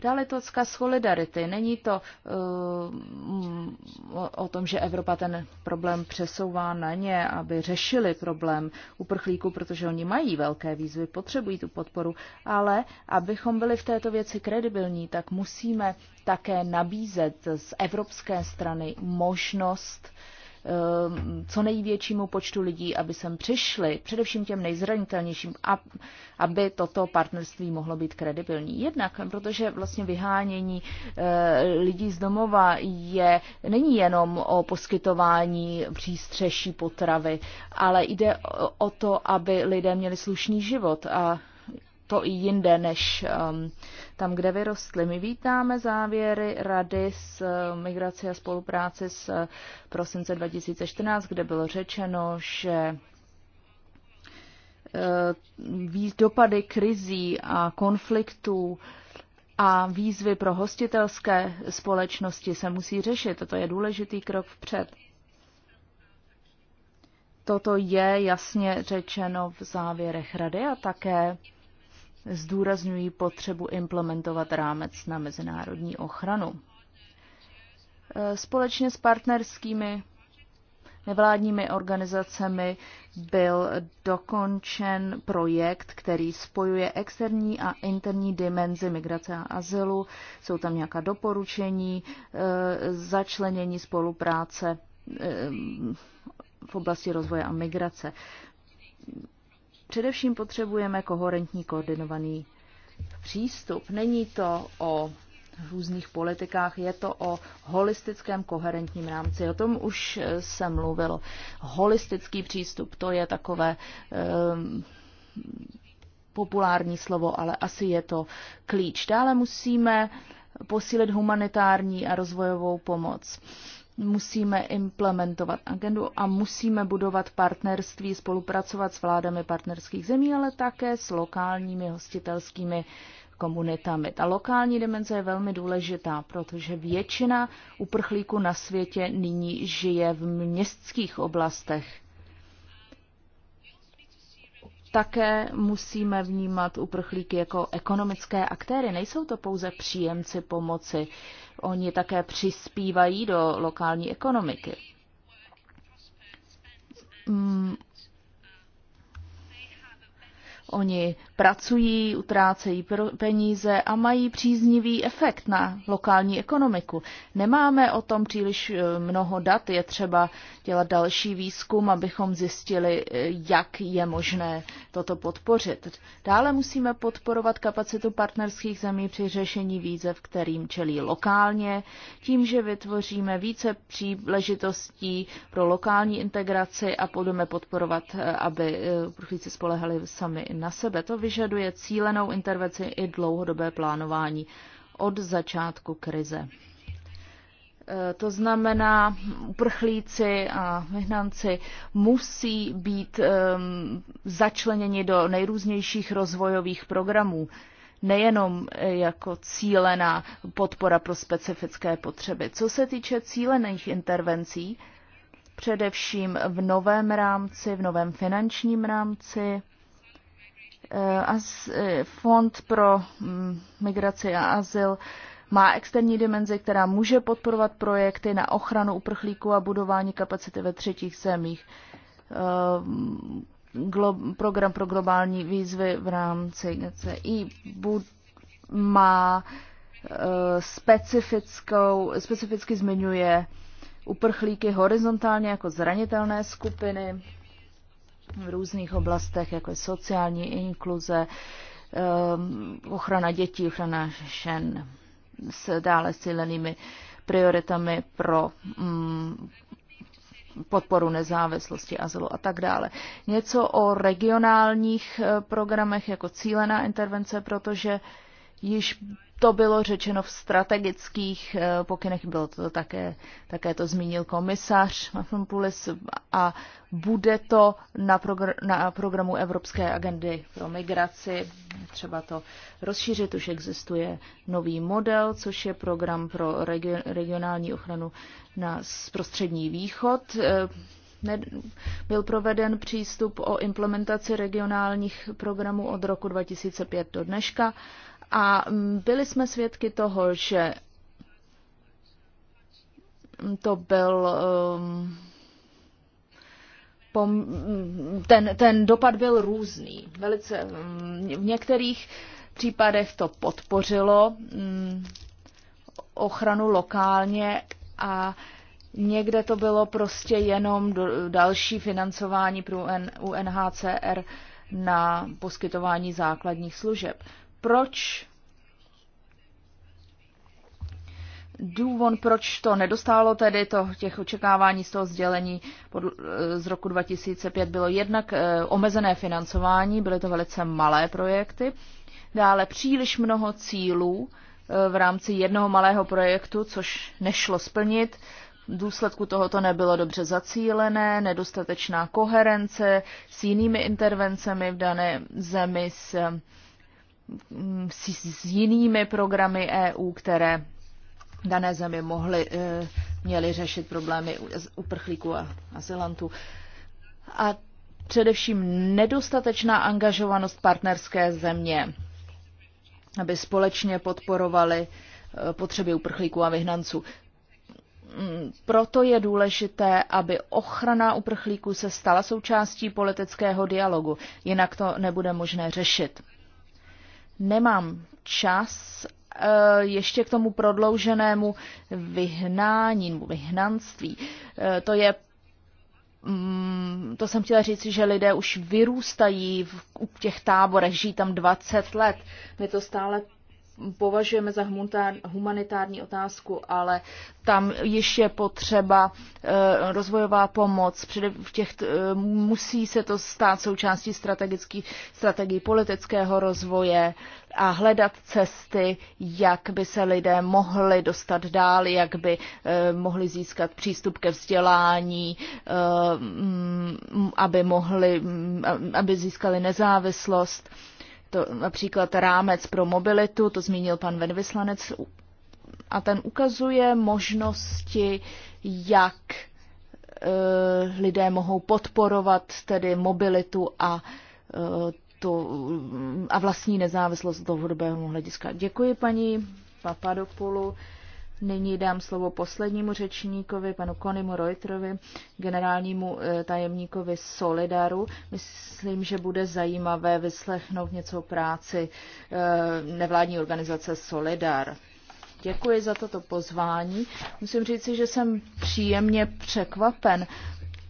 [SPEAKER 3] Dále to odkaz solidarity. Není to uh, o tom, že Evropa ten problém přesouvá na ně, aby řešili problém uprchlíků, protože oni mají velké výzvy, potřebují tu podporu, ale abychom byli v této věci kredibilní, tak musíme také nabízet z evropské strany možnost uh, Um, co největšímu počtu lidí, aby sem přišli, především těm nejzranitelnějším, a aby toto partnerství mohlo být kredibilní. Jednak, protože vlastně vyhánění uh, lidí z domova je, není jenom o poskytování přístřeší potravy, ale jde o to, aby lidé měli slušný život a to i jinde než um, tam, kde vyrostly. My vítáme závěry Rady s eh, migrací a spolupráci z eh, prosince 2014, kde bylo řečeno, že eh, dopady krizí a konfliktů a výzvy pro hostitelské společnosti se musí řešit. Toto je důležitý krok vpřed. Toto je jasně řečeno v závěrech rady a také zdůrazňují potřebu implementovat rámec na mezinárodní ochranu. Společně s partnerskými nevládními organizacemi byl dokončen projekt, který spojuje externí a interní dimenzi migrace a azylu. Jsou tam nějaká doporučení, e, začlenění spolupráce e, v oblasti rozvoje a migrace. Především potřebujeme koherentní koordinovaný přístup. Není to o různých politikách, je to o holistickém koherentním rámci. O tom už eh, se mluvilo. Holistický přístup, to je takové um, populární slovo, ale asi je to klíč. Dále musíme posílit humanitární a rozvojovou pomoc. Uh, musíme implementovat agendu a musíme budovat partnerství, spolupracovat s vládami partnerských zemí, ale také s lokálními hostitelskými komunitami. Ta lokální dimenze je velmi důležitá, protože většina uprchlíků na světě nyní žije v městských oblastech také musíme vnímat uprchlíky jako ekonomické aktéry. Nejsou to pouze příjemci pomoci, oni také přispívají do lokální ekonomiky. Mm. Oni pracují, utrácejí peníze a mají příznivý efekt na lokální ekonomiku. Nemáme o tom příliš eh, mnoho dat, je třeba dělat další výzkum, abychom zjistili, eh, jak je možné toto podpořit. Dále musíme podporovat kapacitu partnerských zemí při řešení výzev, kterým čelí lokálně, tím, že vytvoříme více příležitostí pro lokální integraci a budeme podporovat, eh, aby uprchlíci spolehali sami na sebe. To vyžaduje cílenou intervenci i dlouhodobé plánování od začátku krize. E, to znamená, uprchlíci a vyhnanci musí být um, začleněni do nejrůznějších rozvojových programů, nejenom e, jako cílená podpora pro specifické potřeby. Co se týče cílených intervencí, především v novém rámci, v novém finančním rámci, Eh, eh, fond pro mm, migraci a azyl má externí dimenzi, která může podporovat projekty na ochranu uprchlíků a budování kapacity ve třetích zemích. Eh, glo- program pro globální výzvy v rámci GCI má specifickou, specificky zmiňuje uprchlíky horizontálně jako zranitelné skupiny, v různých oblastech, jako je sociální inkluze, ehm, ochrana dětí, ochrana žen s dále silenými prioritami pro mm, podporu nezávislosti, azylu a tak dále. Něco o regionálních eh, programech jako cílená intervence, protože již to bylo řečeno v strategických eh, pokynech, bylo to také, také to zmínil komisař Mafronpulis a bude to na, progr- na programu Evropské agendy pro migraci. Třeba to rozšířit, už existuje nový model, což je program pro regi- regionální ochranu na prostřední východ. Eh, ne- byl proveden přístup o implementaci regionálních programů od roku 2005 do dneška a byli jsme svědky toho, že to byl um, pom, ten, ten dopad byl různý. Velice, um, v některých případech to podpořilo um, ochranu lokálně a někde to bylo prostě jenom do, další financování pro UN, UNHCR na poskytování základních služeb. Proč důvod, proč to nedostálo tedy to, těch očekávání z toho sdělení pod, eh, z roku 2005 bylo jednak e, omezené financování, byly to velice malé projekty, dále příliš mnoho cílů e, v rámci jednoho malého projektu, což nešlo splnit. V důsledku tohoto nebylo dobře zacílené, nedostatečná koherence s jinými intervencemi v dané zemi, s Mm, s, s jinými programy EU, které dané zemi mohly, eh, měly řešit problémy uprchlíků a azylantů. A především nedostatečná angažovanost partnerské země, aby společně podporovali eh, potřeby uprchlíků a vyhnanců. Mm, proto je důležité, aby ochrana uprchlíků se stala součástí politického dialogu, jinak to nebude možné řešit nemám čas eh, ještě k tomu prodlouženému vyhnání vyhnanství. Eh, to je mm, to jsem chtěla říct, že lidé už vyrůstají v těch táborech, žijí tam 20 let. My to stále považujeme za humanitární otázku, ale tam již je potřeba eh, rozvojová pomoc. V těch, eh, musí se to stát součástí strategický, strategii politického rozvoje a hledat cesty, jak by se lidé mohli dostat dál, jak by eh, mohli získat přístup ke vzdělání, aby, mohli, aby získali nezávislost to například rámec pro mobilitu, to zmínil pan Venvyslanec, a ten ukazuje možnosti, jak eh, lidé mohou podporovat tedy mobilitu a eh, to, a vlastní nezávislost z dlouhodobého hlediska. Děkuji paní Papadopoulu. Nyní dám slovo poslednímu řečníkovi, panu Konimu Reutrovi, generálnímu eh, tajemníkovi Solidaru. Myslím, že bude zajímavé vyslechnout něco o práci eh, nevládní organizace Solidar. Děkuji za toto pozvání. Musím říci, že jsem příjemně překvapen,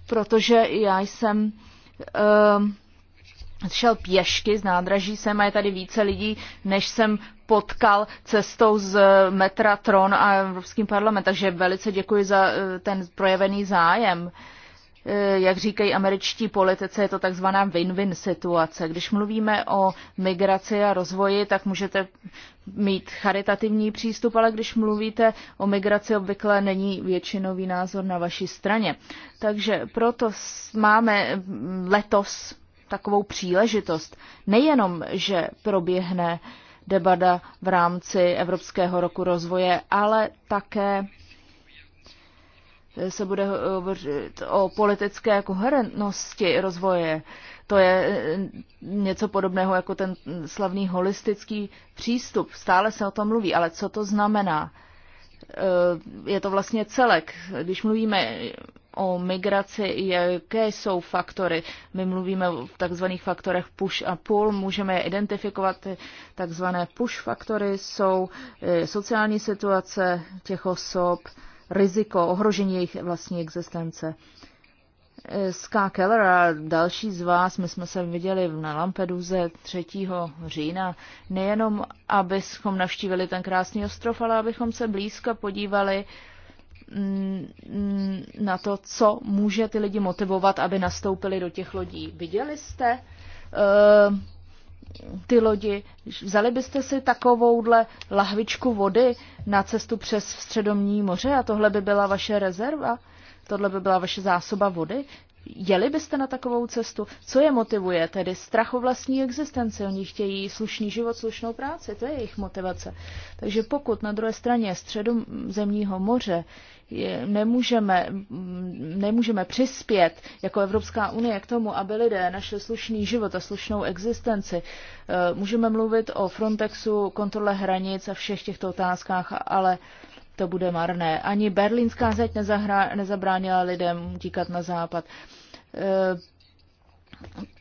[SPEAKER 3] protože já jsem eh, šel pěšky z nádraží sem a je tady více lidí, než jsem potkal cestou z eh, metra Tron a Evropským parlament. Takže velice děkuji za eh, ten projevený zájem. Eh, jak říkají američtí politici, je to takzvaná win-win situace. Když mluvíme o migraci a rozvoji, tak můžete mít charitativní přístup, ale když mluvíte o migraci, obvykle není většinový názor na vaší straně. Takže proto máme mm, letos takovou příležitost. Nejenom, že proběhne debata v rámci Evropského roku rozvoje, ale také se bude hovořit o politické koherentnosti rozvoje. To je něco podobného jako ten slavný holistický přístup. Stále se o tom mluví, ale co to znamená? E, je to vlastně celek. Když mluvíme o migraci, jaké jsou faktory. My mluvíme o takzvaných faktorech push a pull, můžeme je identifikovat. Takzvané push faktory jsou eh, sociální situace těch osob, riziko, ohrožení jejich vlastní existence. Eh, Ska Keller a další z vás, my jsme se viděli na Lampeduze 3. října, nejenom abychom navštívili ten krásný ostrov, ale abychom se blízko podívali na to, co může ty lidi motivovat, aby nastoupili do těch lodí. Viděli jste uh, ty lodi? Vzali byste si takovouhle lahvičku vody na cestu přes Středomní moře a tohle by byla vaše rezerva? Tohle by byla vaše zásoba vody? Jeli byste na takovou cestu? Co je motivuje? Tedy strach o vlastní existenci. Oni chtějí slušný život, slušnou práci. To je jejich motivace. Takže pokud na druhé straně středu zemního moře je, nemůžeme, nemůžeme přispět jako Evropská unie k tomu, aby lidé našli slušný život a slušnou existenci, eh, můžeme mluvit o Frontexu, kontrole hranic a všech těchto otázkách, ale to bude marné. Ani berlínská zeď nezabránila lidem utíkat na západ. Eh,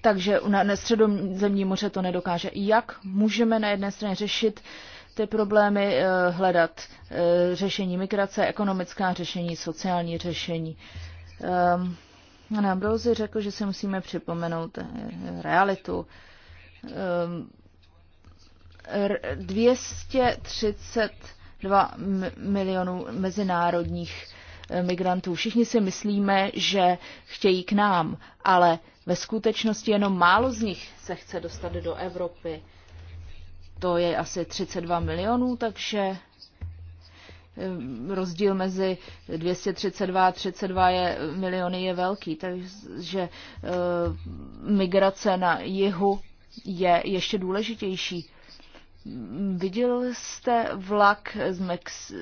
[SPEAKER 3] takže na, na středozemní moře to nedokáže. Jak můžeme na jedné straně řešit ty problémy, eh, hledat eh, řešení migrace, ekonomická řešení, sociální řešení? Na Brouzi řekl, že si musíme připomenout realitu. 230 2 milionů mezinárodních eh, migrantů. Všichni si myslíme, že chtějí k nám, ale ve skutečnosti jenom málo z nich se chce dostat do Evropy. To je asi 32 milionů, takže eh, rozdíl mezi 232 a 32 je, miliony je velký, takže uh, migrace na jihu je ještě důležitější Viděl jste vlak z Mex-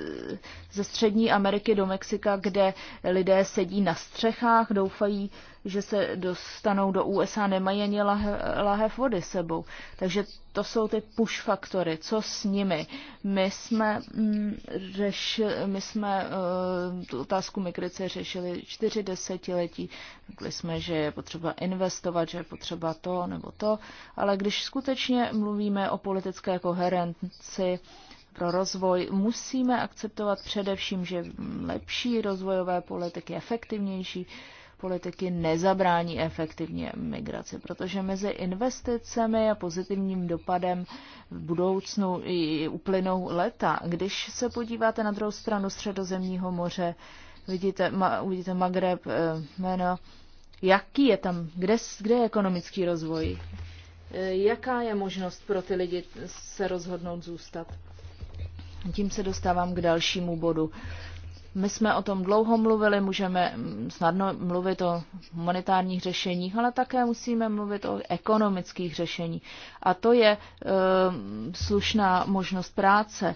[SPEAKER 3] ze Střední Ameriky do Mexika, kde lidé sedí na střechách, doufají, že se dostanou do USA, nemají ani lahe, lahev vody sebou. Takže to jsou ty push faktory. Co s nimi? My jsme, mm, řeši, my jsme uh, tu otázku migrace řešili čtyři desetiletí. Řekli jsme, že je potřeba investovat, že je potřeba to nebo to. Ale když skutečně mluvíme o politické koherenci, pro rozvoj musíme akceptovat především, že lepší rozvojové politiky, efektivnější politiky nezabrání efektivně migraci, protože mezi investicemi a pozitivním dopadem v budoucnu uplynou leta. Když se podíváte na druhou stranu středozemního moře, vidíte, ma, uvidíte Magreb, eh, jméno, jaký je tam, kde, kde je ekonomický rozvoj, eh, jaká je možnost pro ty lidi se rozhodnout zůstat. Tím se dostávám k dalšímu bodu. My jsme o tom dlouho mluvili, můžeme mm, snadno mluvit o humanitárních řešeních, ale také musíme mluvit o ekonomických řešeních. A to je e, slušná možnost práce.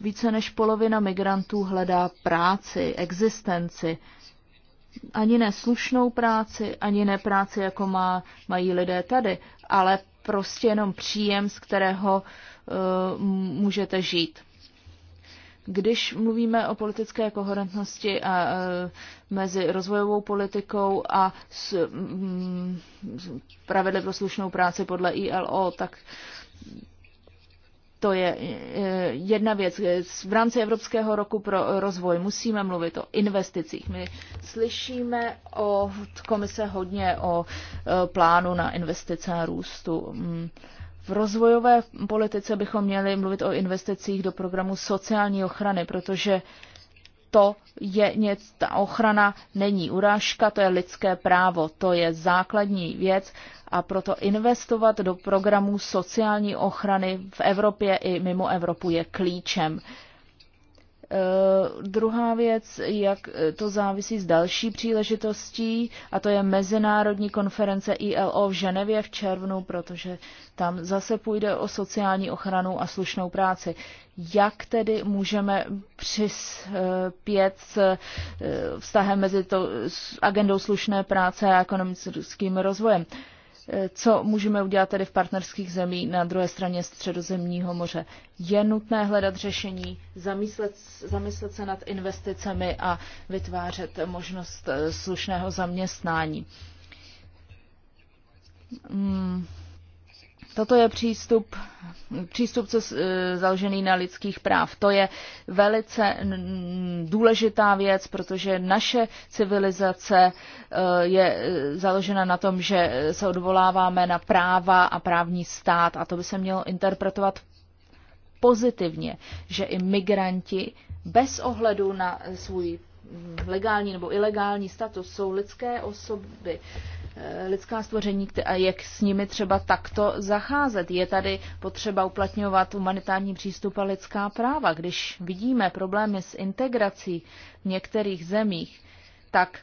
[SPEAKER 3] Více než polovina migrantů hledá práci, existenci. Ani ne slušnou práci, ani ne práci, jako má, mají lidé tady, ale prostě jenom příjem, z kterého e, můžete žít. Když mluvíme o politické koherentnosti a, a e, mezi rozvojovou politikou a s, s mm, pravidly pro slušnou práci podle ILO, tak to je e, jedna věc. V rámci Evropského roku pro rozvoj musíme mluvit o investicích. My slyšíme od komise hodně o e, plánu na investice a růstu. Mm. V rozvojové politice bychom měli mluvit o investicích do programu sociální ochrany, protože to je něco, ta ochrana není urážka, to je lidské právo, to je základní věc a proto investovat do programů sociální ochrany v Evropě i mimo Evropu je klíčem. Eh, druhá věc, jak eh, to závisí s další příležitostí, a to je Mezinárodní konference ILO v Ženevě v červnu, protože tam zase půjde o sociální ochranu a slušnou práci. Jak tedy můžeme přispět s eh, vztahem mezi to, s agendou slušné práce a ekonomickým rozvojem? Uh, co můžeme udělat tedy v partnerských zemích? na druhé straně středozemního moře. Je nutné hledat řešení, zamyslet, zamyslet se nad investicemi a vytvářet možnost eh, slušného zaměstnání. Hmm Toto je přístup, přístup co, e, založený na lidských práv. To je velice důležitá věc, protože naše civilizace e, je e, založena na tom, že se odvoláváme na práva a právní stát a to by se mělo interpretovat pozitivně, že i migranti bez ohledu na svůj legální nebo ilegální status jsou lidské osoby, Eh, lidská stvoření a jak s nimi třeba takto zacházet. Je tady potřeba uplatňovat humanitární přístup a lidská práva. Když vidíme problémy s integrací v některých zemích, tak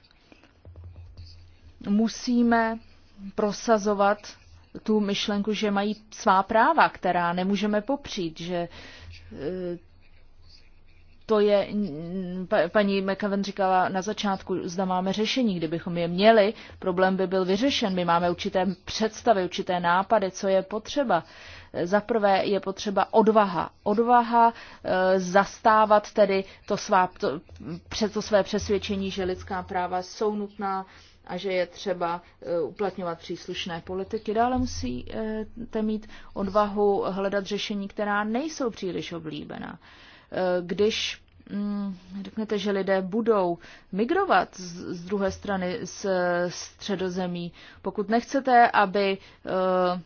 [SPEAKER 3] musíme prosazovat tu myšlenku, že mají svá práva, která nemůžeme popřít, že eh, to je, paní McAven říkala na začátku, zda máme řešení, kdybychom je měli, problém by byl vyřešen. My máme určité představy, určité nápady, co je potřeba. Za prvé je potřeba odvaha. Odvaha e, zastávat tedy to, svá, to, před to své přesvědčení, že lidská práva jsou nutná a že je třeba e, uplatňovat příslušné politiky. Dále musíte mít odvahu hledat řešení, která nejsou příliš oblíbená. E, Eh, když mm, řeknete, že lidé budou migrovat z, z druhé strany z eh, středozemí, pokud nechcete, aby eh,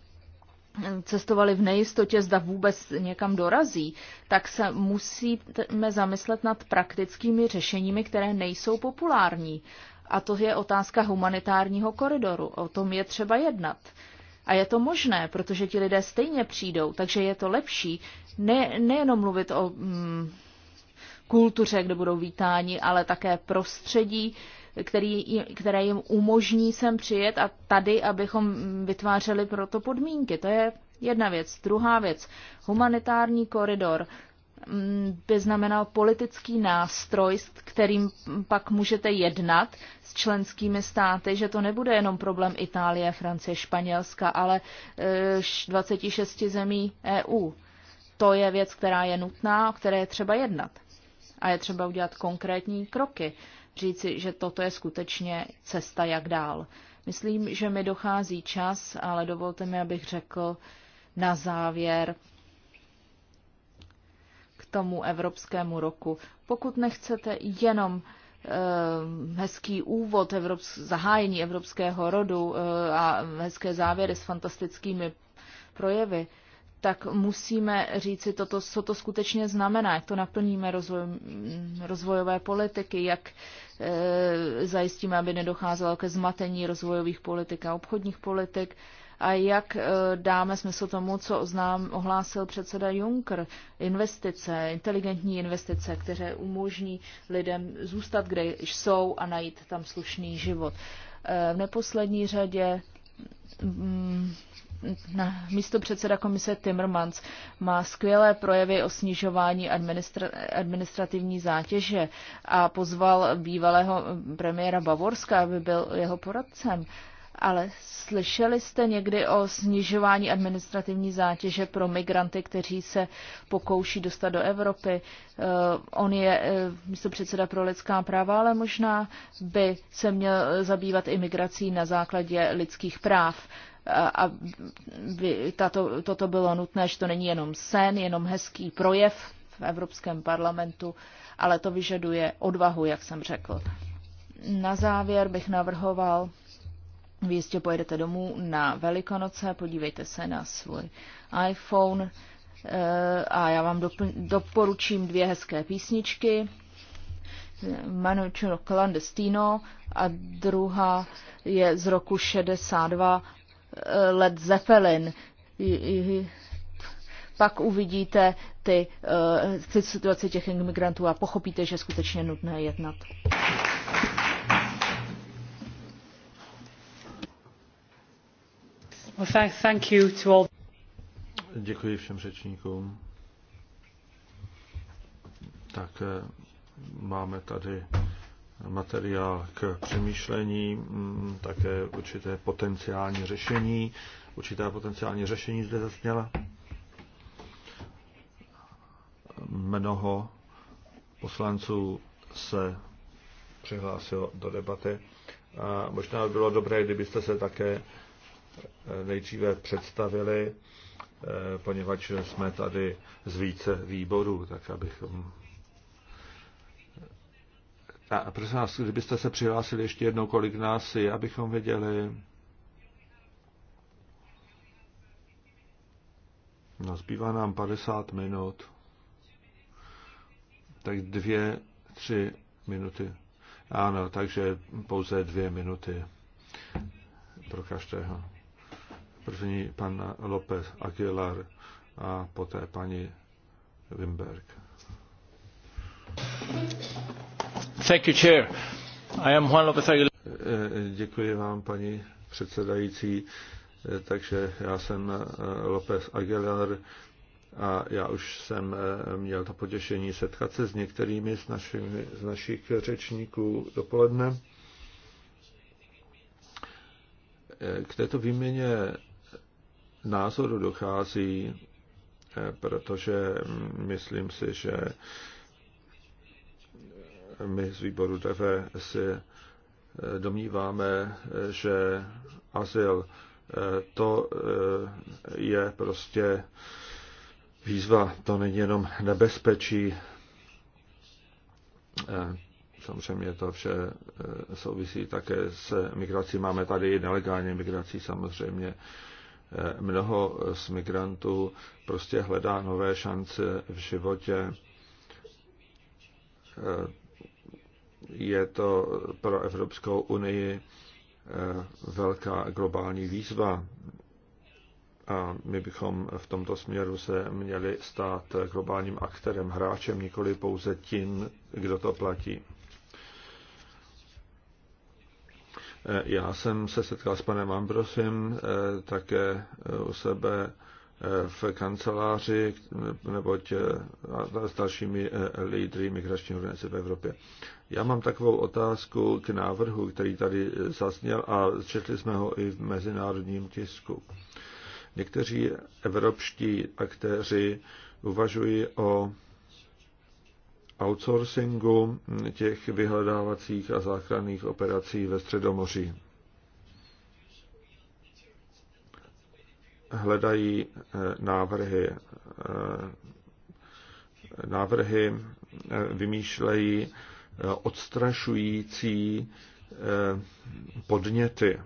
[SPEAKER 3] cestovali v nejistotě, zda vůbec někam dorazí, tak se musíme zamyslet nad praktickými řešeními, které nejsou populární. A to je otázka humanitárního koridoru. O tom je třeba jednat. A je to možné, protože ti lidé stejně přijdou, takže je to lepší ne, nejenom mluvit o mm, kultuře, kde budou vítáni, ale také prostředí, který, které jim umožní sem přijet a tady, abychom vytvářeli pro to podmínky. To je jedna věc. Druhá věc, humanitární koridor. Mm, by znamenal politický nástroj, s kterým pak můžete jednat s členskými státy, že to nebude jenom problém Itálie, Francie, Španělska, ale 26 eh, zemí EU. To je věc, která je nutná, o které je třeba jednat. A je třeba udělat konkrétní kroky, říci, že toto je skutečně cesta, jak dál. Myslím, že mi dochází čas, ale dovolte mi, abych řekl na závěr, tomu Evropskému roku. Pokud nechcete jenom eh, hezký úvod Evrops- zahájení evropského rodu eh, a hezké závěry s fantastickými projevy, tak musíme říci, toto, co to skutečně znamená, jak to naplníme rozvoj, rozvojové politiky, jak e, zajistíme, aby nedocházelo ke zmatení rozvojových politik a obchodních politik. E, a jak e, dáme smysl tomu, co oznám, ohlásil předseda Juncker. Investice, inteligentní investice, které umožní lidem zůstat, kde jsou a najít tam slušný život. E, v neposlední řadě mm, na místo předseda komise Timmermans má skvělé projevy o snižování administra- administrativní zátěže a pozval bývalého premiéra Bavorska, aby byl jeho poradcem. Uh, ale slyšeli jste někdy o snižování administrativní zátěže pro migranty, kteří se pokouší dostat do Evropy? Eh, on je eh, místo předseda pro lidská práva, ale možná by se měl zabývat imigrací na základě lidských práv. A tato, toto bylo nutné, že to není jenom sen, jenom hezký projev v Evropském parlamentu, ale to vyžaduje odvahu, jak jsem řekl. Na závěr bych navrhoval vy jistě pojedete domů na Velikonoce, podívejte se na svůj iPhone eh, a já vám doporučím dvě hezké písničky. Manučino Clandestino a druhá je z roku 62 eh, Led Zeppelin. Pak uvidíte ty, eh, ty těch imigrantů a pochopíte, že skutečně nutné jednat.
[SPEAKER 1] Děkuji všem řečníkům. Tak eh, máme tady materiál k přemýšlení, mm, také určité potenciální řešení, určitá potenciální řešení zde zasněla. Mnoho poslanců se přihlásilo do debaty. A možná by bylo dobré, kdybyste se také nejdříve představili, eh, poněvadž jsme tady z více výborů, tak abychom a prosím vás, kdybyste se přihlásili ještě jednou, kolik nás je, abychom věděli. No, zbývá nám 50 minut. Tak dvě, tři minuty. Ano, takže pouze dvě minuty pro každého. První pan López Aguilar a poté paní Wimberg. Thank you, chair. I am Juan López Aguilar. Eh, eh, děkuji vám, paní předsedající. Eh, takže já jsem López Aguilar a já už jsem měl to potěšení setkat se s některými z, našimi, z našich řečníků dopoledne. K této výměně názoru dochází, eh, protože mm, myslím si, že my z výboru DV si eh, domníváme, eh, že azyl to je prostě výzva, to není jenom nebezpečí. Samozřejmě to vše souvisí také s migrací. Máme tady i nelegální migrací samozřejmě. Eh, mnoho z migrantů prostě hledá nové šance v životě. Eh, je to pro Evropskou unii eh, velká globální výzva a my bychom v tomto směru se měli stát globálním aktérem, hráčem, nikoli pouze tím, kdo to platí. Eh, já jsem se setkal s panem Ambrosem eh, také eh, u sebe v kanceláři, neboť s dalšími lídry migrační organizace v Evropě. Já mám takovou otázku k návrhu, který tady zazněl a četli jsme ho i v mezinárodním tisku. Někteří evropští aktéři uvažují o outsourcingu těch vyhledávacích a záchranných operací ve Středomoří. Hledají eh, návrhy, eh, návrhy eh, vymýšlejí odstrašující podněty.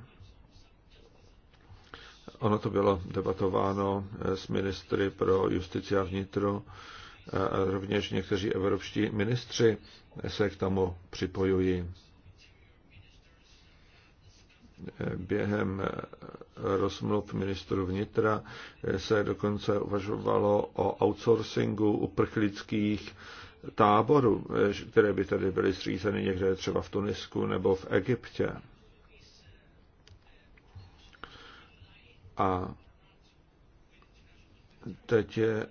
[SPEAKER 1] Ono to bylo debatováno s ministry pro justici a vnitru rovněž někteří evropští ministři se k tomu připojují. Během rozmluv ministru vnitra se dokonce uvažovalo o outsourcingu uprchlických táborů, které by tady byly zřízeny někde třeba v Tunisku nebo v Egyptě. A teď je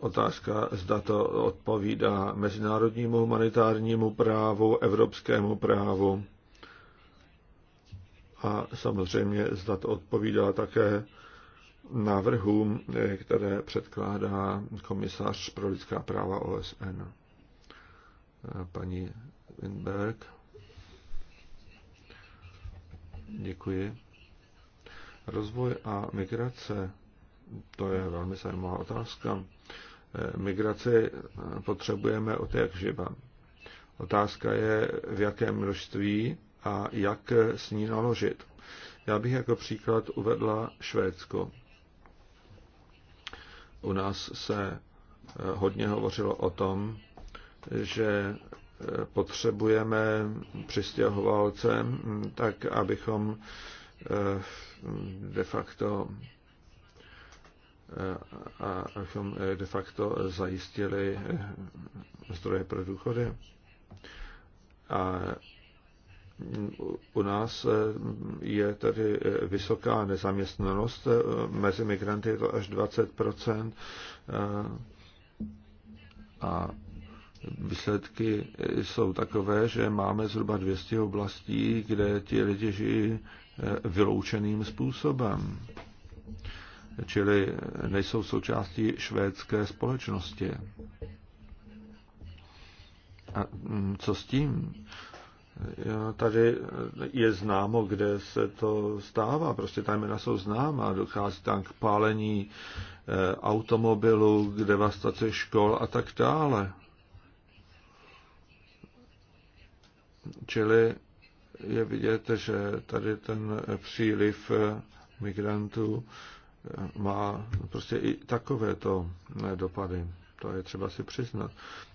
[SPEAKER 1] Otázka, zda to odpovídá mezinárodnímu humanitárnímu právu, evropskému právu a samozřejmě zda to odpovídá také návrhům, které předkládá komisař pro lidská práva OSN. Paní Winberg. Děkuji. Rozvoj a migrace, to je velmi zajímavá otázka. Eh, migraci eh, potřebujeme od jak živa. Otázka je, v jakém množství a jak s ní naložit. Já bych jako příklad uvedla Švédsko. U nás se eh, hodně hovořilo o tom, že potřebujeme přistěhovalce, mm, tak abychom de facto a abychom eh, de facto zajistili eh, zdroje pro důchody. A u nás eh, je tedy vysoká nezaměstnanost, mezi migranty je to až 20 a výsledky jsou takové, že máme zhruba 200 oblastí, kde ti lidi žijí vyloučeným způsobem čili nejsou součástí švédské společnosti. A mm, co s tím? Tady je známo, kde se to stává. Prostě ta jména jsou známa. Dochází tam k pálení eh, automobilů, k devastaci škol a tak dále. Čili je vidět, že tady ten příliv eh, migrantů má prostě i takovéto eh, dopady. To je třeba si přiznat.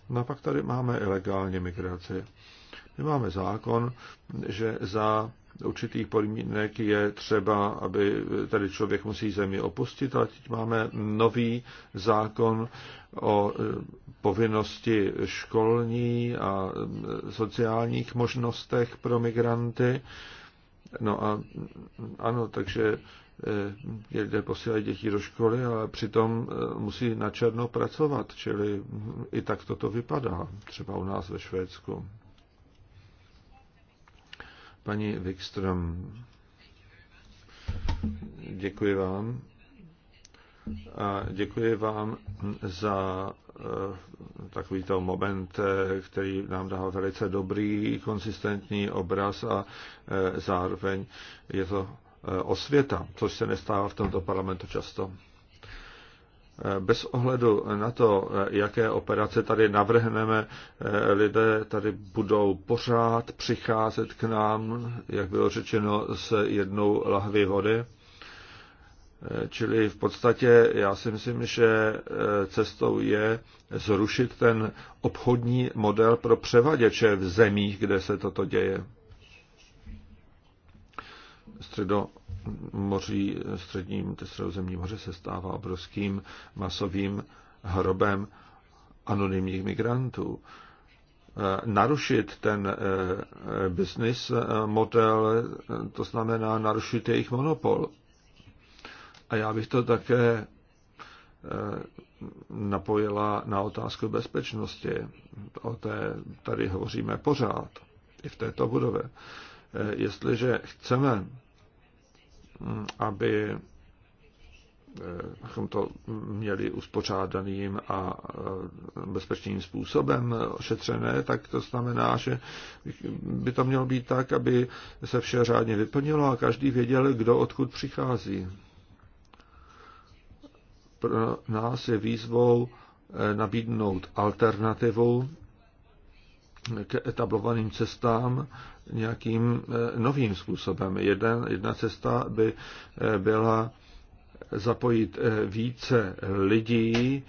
[SPEAKER 1] No a pak tady máme ilegální migraci. My máme zákon, že za určitých podmínek je třeba, aby eh, tady člověk musí zemi opustit, ale teď máme nový zákon o eh, povinnosti školní a sociálních možnostech pro migranty. No a mm, mm, ano, takže kde eh, posílají děti do školy, ale přitom eh, musí na černo pracovat, čili hm, i tak toto vypadá, třeba u nás ve Švédsku. Paní Wikström, děkuji vám. A děkuji vám za eh, takovýto moment, který nám dává velice dobrý, konsistentní obraz a zároveň je to Eh, osvěta, což se nestává v tomto parlamentu často. Eh, bez ohledu na to, eh, jaké operace tady navrhneme, lidé tady budou pořád přicházet k nám, jak bylo řečeno, s jednou lahví vody. Čili v podstatě já si myslím, že cestou je zrušit ten obchodní model pro převaděče v zemích, kde se toto děje středomoří, středním, středozemní moře se stává obrovským masovým hrobem anonymních migrantů. Eh, narušit ten eh, business eh, model, to znamená narušit jejich monopol. A já bych to také napojila na otázku bezpečnosti. O té tady hovoříme pořád, i v této budově. Jestliže chceme aby eh, abychom to měli uspořádaným a eh, bezpečným způsobem ošetřené, tak to znamená, že by to mělo být tak, aby se vše řádně vyplnilo a každý věděl, kdo odkud přichází. Pro nás je výzvou eh, nabídnout alternativu k etablovaným cestám nějakým eh, novým způsobem. Jeden, jedna cesta by eh, byla zapojit eh, více lidí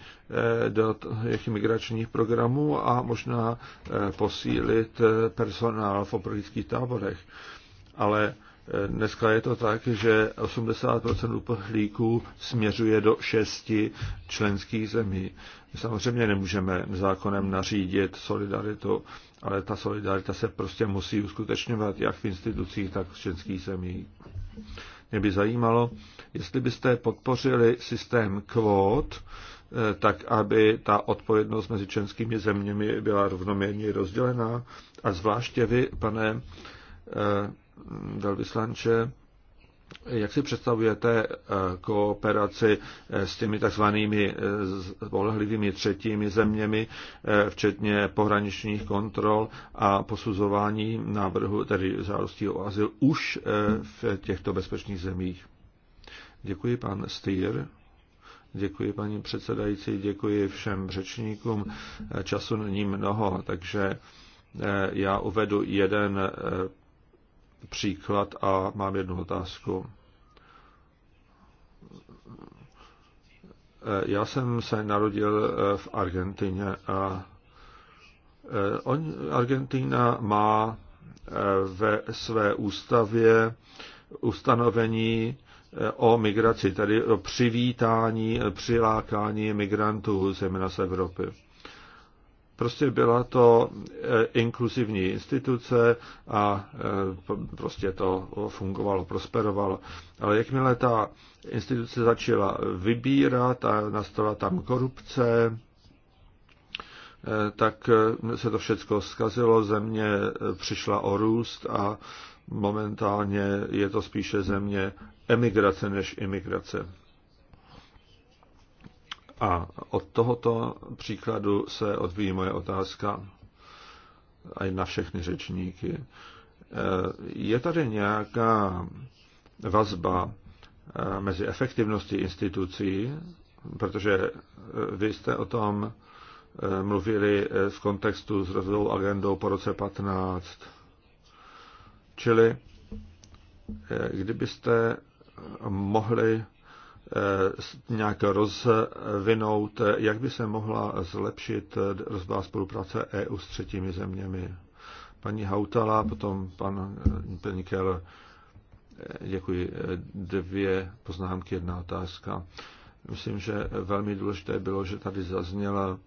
[SPEAKER 1] do těch migračních programů a možná posílit personál v oprolických táborech. Ale Dneska je to tak, že 80% uprchlíků směřuje do šesti členských zemí. My samozřejmě nemůžeme zákonem nařídit solidaritu, ale ta solidarita se prostě musí uskutečňovat jak v institucích, tak v členských zemích. Mě by zajímalo, jestli byste podpořili systém kvót, eh, tak aby ta odpovědnost mezi členskými zeměmi byla rovnoměrně rozdělená. A zvláště vy, pane eh, velvyslanče, jak si představujete eh, kooperaci eh, s těmi takzvanými eh, spolehlivými třetími zeměmi, včetně pohraničních kontrol a posuzování návrhu, tedy žádostí o azyl, už v těchto bezpečných zemích? Děkuji, pan Stýr. Děkuji, paní předsedající, děkuji všem řečníkům. Času není mnoho, takže já uvedu jeden příklad a mám jednu otázku. E, já jsem se narodil e, v Argentině a e, Argentina má ve své ústavě ustanovení o migraci, tedy o přivítání, přilákání migrantů zejména z Evropy. Prostě byla to eh, inkluzivní instituce a eh, prostě to fungovalo, prosperovalo. Ale jakmile ta instituce začala vybírat a nastala tam korupce, eh, tak se to všechno zkazilo, země přišla o růst a momentálně je to spíše země emigrace než imigrace. A od tohoto příkladu se odvíjí moje otázka a na všechny řečníky. E, je tady nějaká vazba e, mezi efektivností institucí, protože e, vy jste o tom mluvili v kontextu s rozvojovou agendou po roce 15. Čili kdybyste mohli Eh, nějak rozvinout, jak by se mohla zlepšit rozvá spolupráce EU s třetími zeměmi. Paní Hautala, potom pan eh, Penikel, eh, děkuji, dvě poznámky, jedna otázka. Myslím, že velmi důležité bylo, že tady zazněla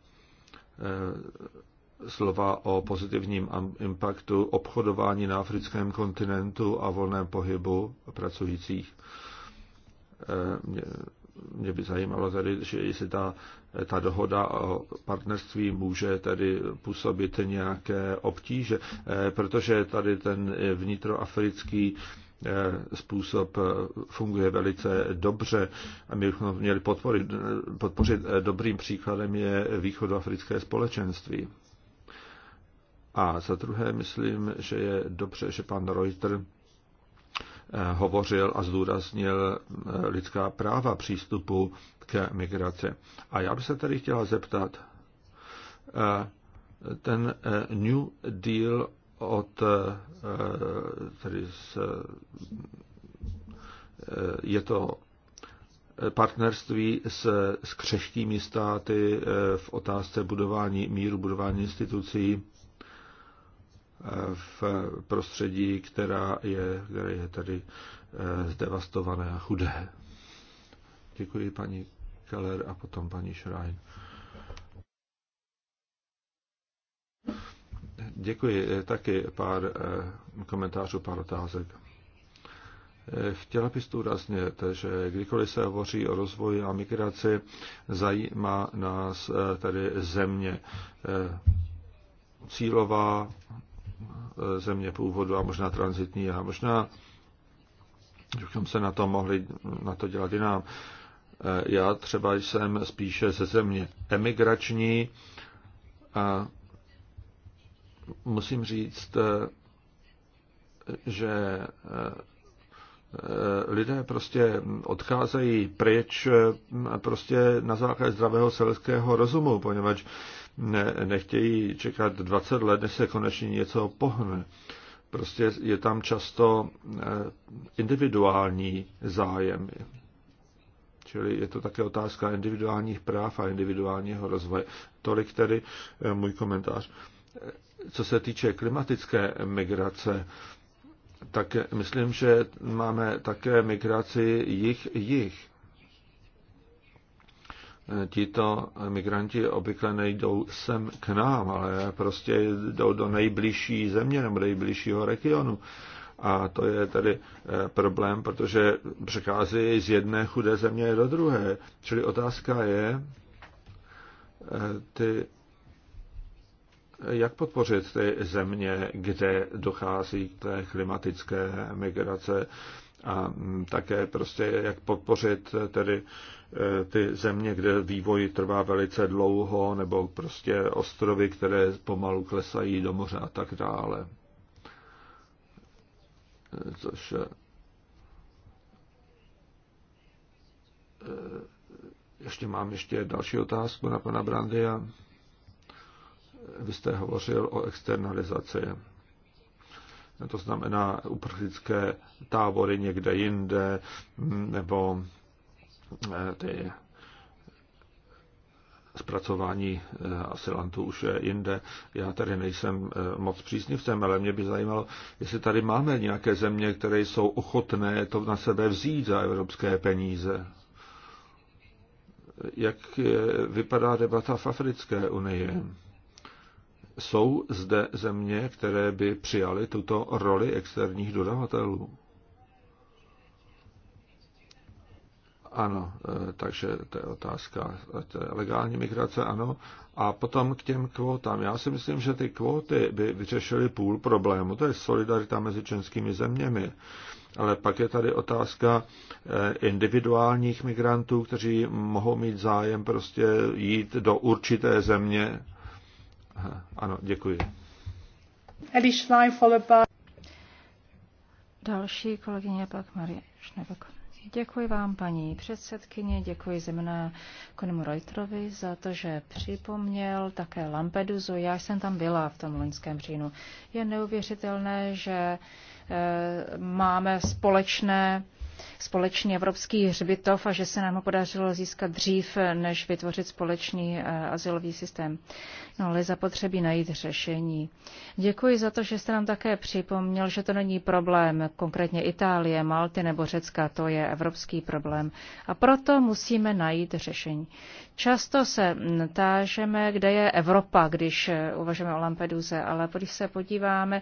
[SPEAKER 1] slova o pozitivním impaktu obchodování na africkém kontinentu a volném pohybu pracujících mě, mě by zajímalo tedy, že jestli ta, ta dohoda o partnerství může tedy působit nějaké obtíže, eh, protože tady ten vnitroafrický eh, způsob eh, funguje velice dobře a my bychom měli podporit, podpořit. Dobrým příkladem je východoafrické společenství. A za druhé myslím, že je dobře, že pan Reuter Eh, hovořil a zdůraznil eh, lidská práva přístupu k migraci. A já bych se tady chtěla zeptat, eh, ten New Deal od tedy z, je to partnerství s, s křeštími státy v otázce budování míru, budování institucí v prostředí, která je, které je tady eh, zdevastované a chudé. Děkuji paní Keller a potom paní Schrein. Děkuji. Eh, taky pár eh, komentářů, pár otázek. Chtěla bych zdůraznit, že kdykoliv se hovoří o rozvoji a migraci, zajímá nás tady země cílová, E, země původu a možná transitní a možná bychom se na to mohli na to dělat jinám. E, já třeba jsem spíše ze země emigrační a musím říct, e, že lidé prostě odcházejí pryč prostě na základě zdravého selského rozumu, poněvadž ne, nechtějí čekat 20 let, než se konečně něco pohne. Prostě je tam často eh, individuální zájem. Čili je to také otázka individuálních práv a individuálního rozvoje. Tolik tedy eh, můj komentář. Eh, co se týče klimatické migrace, tak myslím, že máme také migraci jich-jich tito migranti obvykle nejdou sem k nám, ale prostě jdou do nejbližší země nebo nejbližšího regionu. A to je tady eh, problém, protože přechází z jedné chudé země do druhé. Čili otázka je, eh, ty, jak podpořit ty země, kde dochází k té klimatické migrace, a mm, také prostě jak podpořit eh, tedy eh, ty země, kde vývoj trvá velice dlouho, nebo prostě ostrovy, které pomalu klesají do moře a tak dále. Eh, což ještě mám ještě další otázku na pana Brandia. Vy jste hovořil o externalizaci to znamená uprchlické tábory někde jinde, mm, nebo eh, ty zpracování eh, asilantů už je jinde. Já tady nejsem eh, moc příznivcem, ale mě by zajímalo, jestli tady máme nějaké země, které jsou ochotné to na sebe vzít za evropské peníze. Jak vypadá debata v Africké unii? jsou zde země, které by přijaly tuto roli externích dodavatelů. Ano, e, takže to je otázka to je legální migrace, ano. A potom k těm kvótám. Já si myslím, že ty kvóty by vyřešily půl problému. To je solidarita mezi českými zeměmi. Ale pak je tady otázka e, individuálních migrantů, kteří mohou mít zájem prostě jít do určité země ano, děkuji.
[SPEAKER 2] Další kolegyně pak Marie Šnebek. Děkuji vám, paní předsedkyně, děkuji zemna Konemu Reuterovi za to, že připomněl také Lampeduzu. Já jsem tam byla v tom loňském říjnu. Je neuvěřitelné, že e, máme společné společný evropský hřbitov a že se nám ho podařilo získat dřív, než vytvořit společný eh, asilový systém. No ale zapotřebí najít řešení. Děkuji za to, že jste nám také připomněl, že to není problém konkrétně Itálie, Malty nebo Řecka, to je evropský problém. A proto musíme najít řešení. Často se tážeme, kde je Evropa, když eh, uvažujeme o Lampeduze, ale když se podíváme,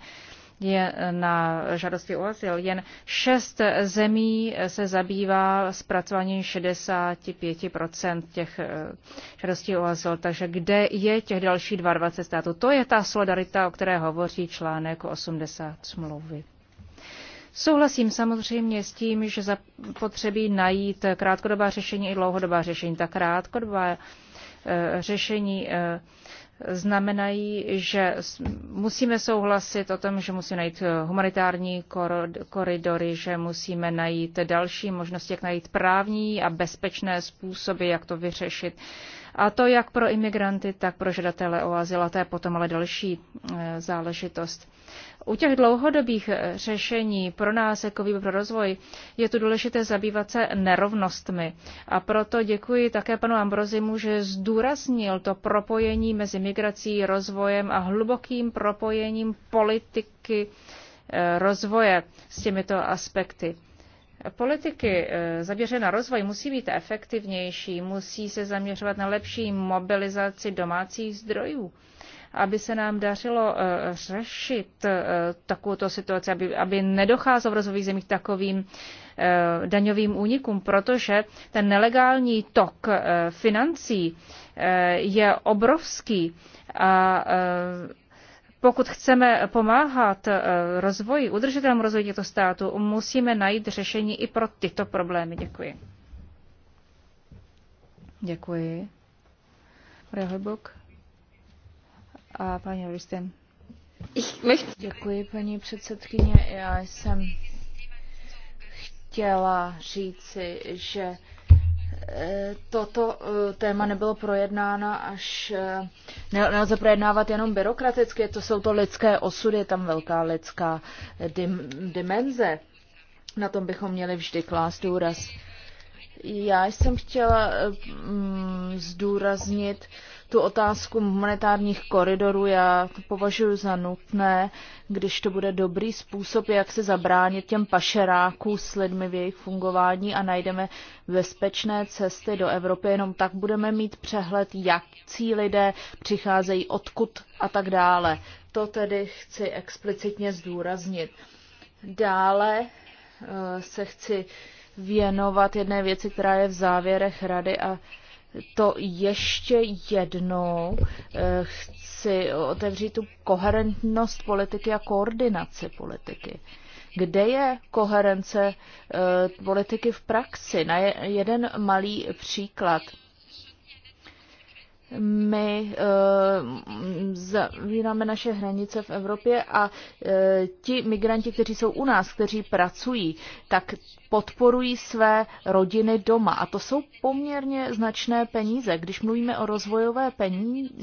[SPEAKER 2] je na žádosti o azyl. Jen šest zemí se zabývá zpracováním 65% těch eh, žádostí o azyl. Takže kde je těch dalších 22 států? To je ta solidarita, o které hovoří článek 80 smlouvy. Souhlasím samozřejmě s tím, že potřebí najít krátkodobá řešení i dlouhodobá řešení. Ta krátkodobá eh, řešení eh, znamenají, že musíme souhlasit o tom, že musíme najít eh, humanitární koridory, že musíme najít další možnosti, jak najít právní a bezpečné způsoby, jak to vyřešit. A to jak pro imigranty, tak pro žadatele o azyl, a to je potom ale další eh, záležitost. U těch dlouhodobých eh, řešení pro nás jako výbor pro rozvoj je tu důležité zabývat se nerovnostmi. A proto děkuji také panu Ambrozimu, že zdůraznil to propojení mezi migrací, rozvojem a hlubokým propojením politiky eh, rozvoje s těmito aspekty. Politiky eh, zaměřené na rozvoj musí být efektivnější, musí se zaměřovat na lepší mobilizaci domácích zdrojů, aby se nám dařilo eh, řešit eh, takovouto situaci, aby, aby nedocházelo v rozvojových zemích takovým daňovým únikům, protože ten nelegální tok financí je obrovský a pokud chceme pomáhat eh, rozvoji, udržitelnému rozvoji těchto států, musíme najít řešení i pro tyto problémy. Děkuji. Děkuji. Maria a paní Rustem.
[SPEAKER 3] Děkuji, paní předsedkyně. Já jsem chtěla říci, že toto eh, téma nebylo projednáno až eh, nelze projednávat jenom byrokraticky, to jsou to lidské osudy, je tam velká lidská eh, dim, dimenze. Na tom bychom měli vždy klást důraz. Já jsem chtěla mm, zdůraznit tu otázku monetárních koridorů já to považuji za nutné, když to bude dobrý způsob, jak se zabránit těm pašeráků s lidmi v jejich fungování a najdeme bezpečné cesty do Evropy. Jenom tak budeme mít přehled, jak cí lidé přicházejí, odkud a tak dále. To tedy chci explicitně zdůraznit. Dále eh, se chci věnovat jedné věci, která je v závěrech rady a to ještě jednou eh, chci otevřít tu koherentnost politiky a koordinaci politiky. Kde je koherence eh, politiky v praxi? Na jeden malý příklad – my uh, zavíráme naše hranice v Evropě a uh, ti migranti, kteří jsou u nás, kteří pracují, tak podporují své rodiny doma. A to jsou poměrně značné peníze. Když mluvíme o rozvojové peníze,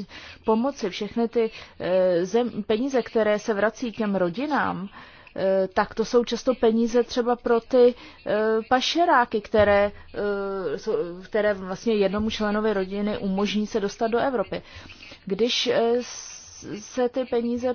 [SPEAKER 3] pomoci, všechny ty uh, zem, peníze, které se vrací těm rodinám, uh, Eh, tak to jsou často peníze třeba pro ty eh, pašeráky, které, eh, které vlastně jednomu členovi rodiny umožní se dostat do Evropy. Když se ty peníze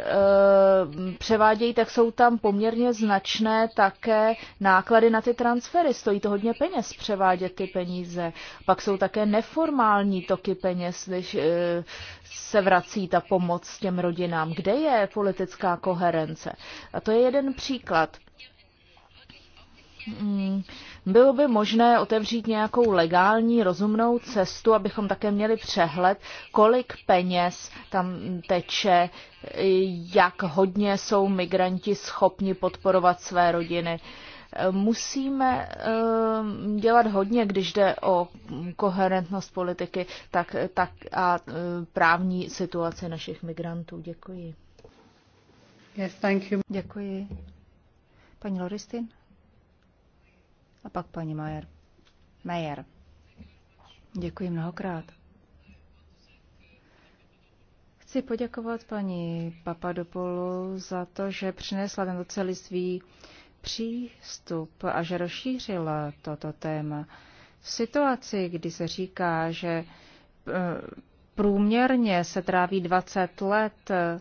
[SPEAKER 3] Eh, převádějí, tak jsou tam poměrně značné také náklady na ty transfery. Stojí to hodně peněz převádět ty peníze. Pak jsou také neformální toky peněz, když eh, se vrací ta pomoc těm rodinám. Kde je politická koherence? A to je jeden příklad hmm. Bylo by možné otevřít nějakou legální, rozumnou cestu, abychom také měli přehled, kolik peněz tam teče, jak hodně jsou migranti schopni podporovat své rodiny. Musíme eh, dělat hodně, když jde o koherentnost politiky tak, tak a eh, právní situaci našich migrantů. Děkuji. Yes, thank you. Děkuji. Paní Loristin?
[SPEAKER 2] a pak paní Majer. Majer. Děkuji mnohokrát. Chci poděkovat paní Papadopoulou za to, že přinesla tento celý svý přístup a že rozšířila toto téma. V situaci, kdy se říká, že eh, průměrně se tráví 20 let eh,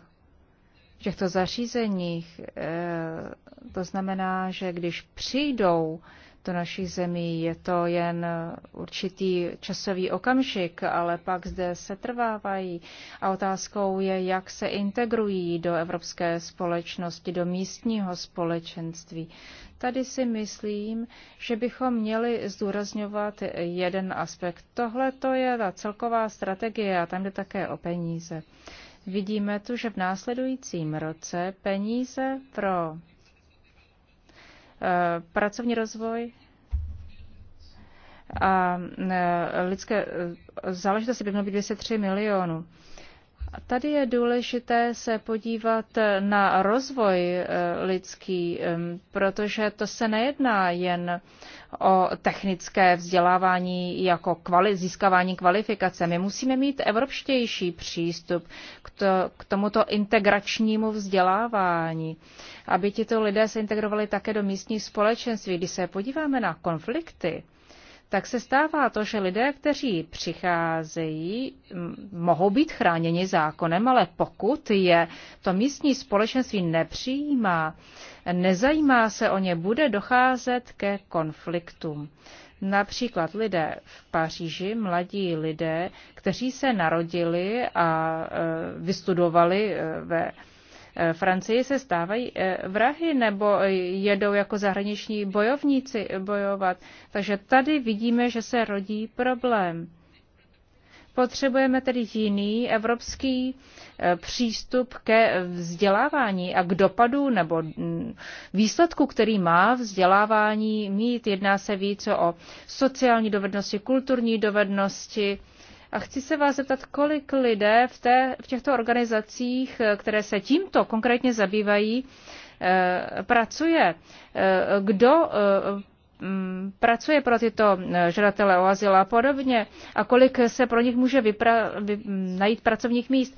[SPEAKER 2] v těchto zařízeních, eh, to znamená, že když přijdou tu naší zemí. Je to jen určitý časový okamžik, ale pak zde se trvávají. A otázkou je, jak se integrují do evropské společnosti, do místního společenství. Tady si myslím, že bychom měli zdůrazňovat jeden aspekt. Tohle to je ta celková strategie a tam jde také o peníze. Vidíme tu, že v následujícím roce peníze pro Eh, pracovní rozvoj a eh, lidské eh, záležitosti by mělo být 203 milionů tady je důležité se podívat na rozvoj eh, lidský, protože to se nejedná jen o technické vzdělávání jako kvali- získávání kvalifikace. My musíme mít evropštější přístup k, to, k tomuto integračnímu vzdělávání, aby tito lidé se integrovali také do místní společenství. Když se podíváme na konflikty, tak se stává to, že lidé, kteří přicházejí, mohou být chráněni zákonem, ale pokud je to místní společenství nepřijímá, nezajímá se o ně, bude docházet ke konfliktům. Například lidé v Paříži, mladí lidé, kteří se narodili a e, vystudovali e, ve Eh, Francii se stávají eh, vrahy nebo jedou jako zahraniční bojovníci bojovat. Takže tady vidíme, že se rodí problém. Potřebujeme tedy jiný evropský eh, přístup ke vzdělávání a k dopadu nebo mm, výsledku, který má vzdělávání mít. Jedná se více o sociální dovednosti, kulturní dovednosti, a chci se vás zeptat, kolik lidé v, té, v těchto organizacích, eh, které se tímto konkrétně zabývají, eh, pracuje. Eh, kdo mm, pracuje pro tyto žadatele o azyl a podobně a kolik se pro nich může vypra- vy- mm, najít pracovních míst.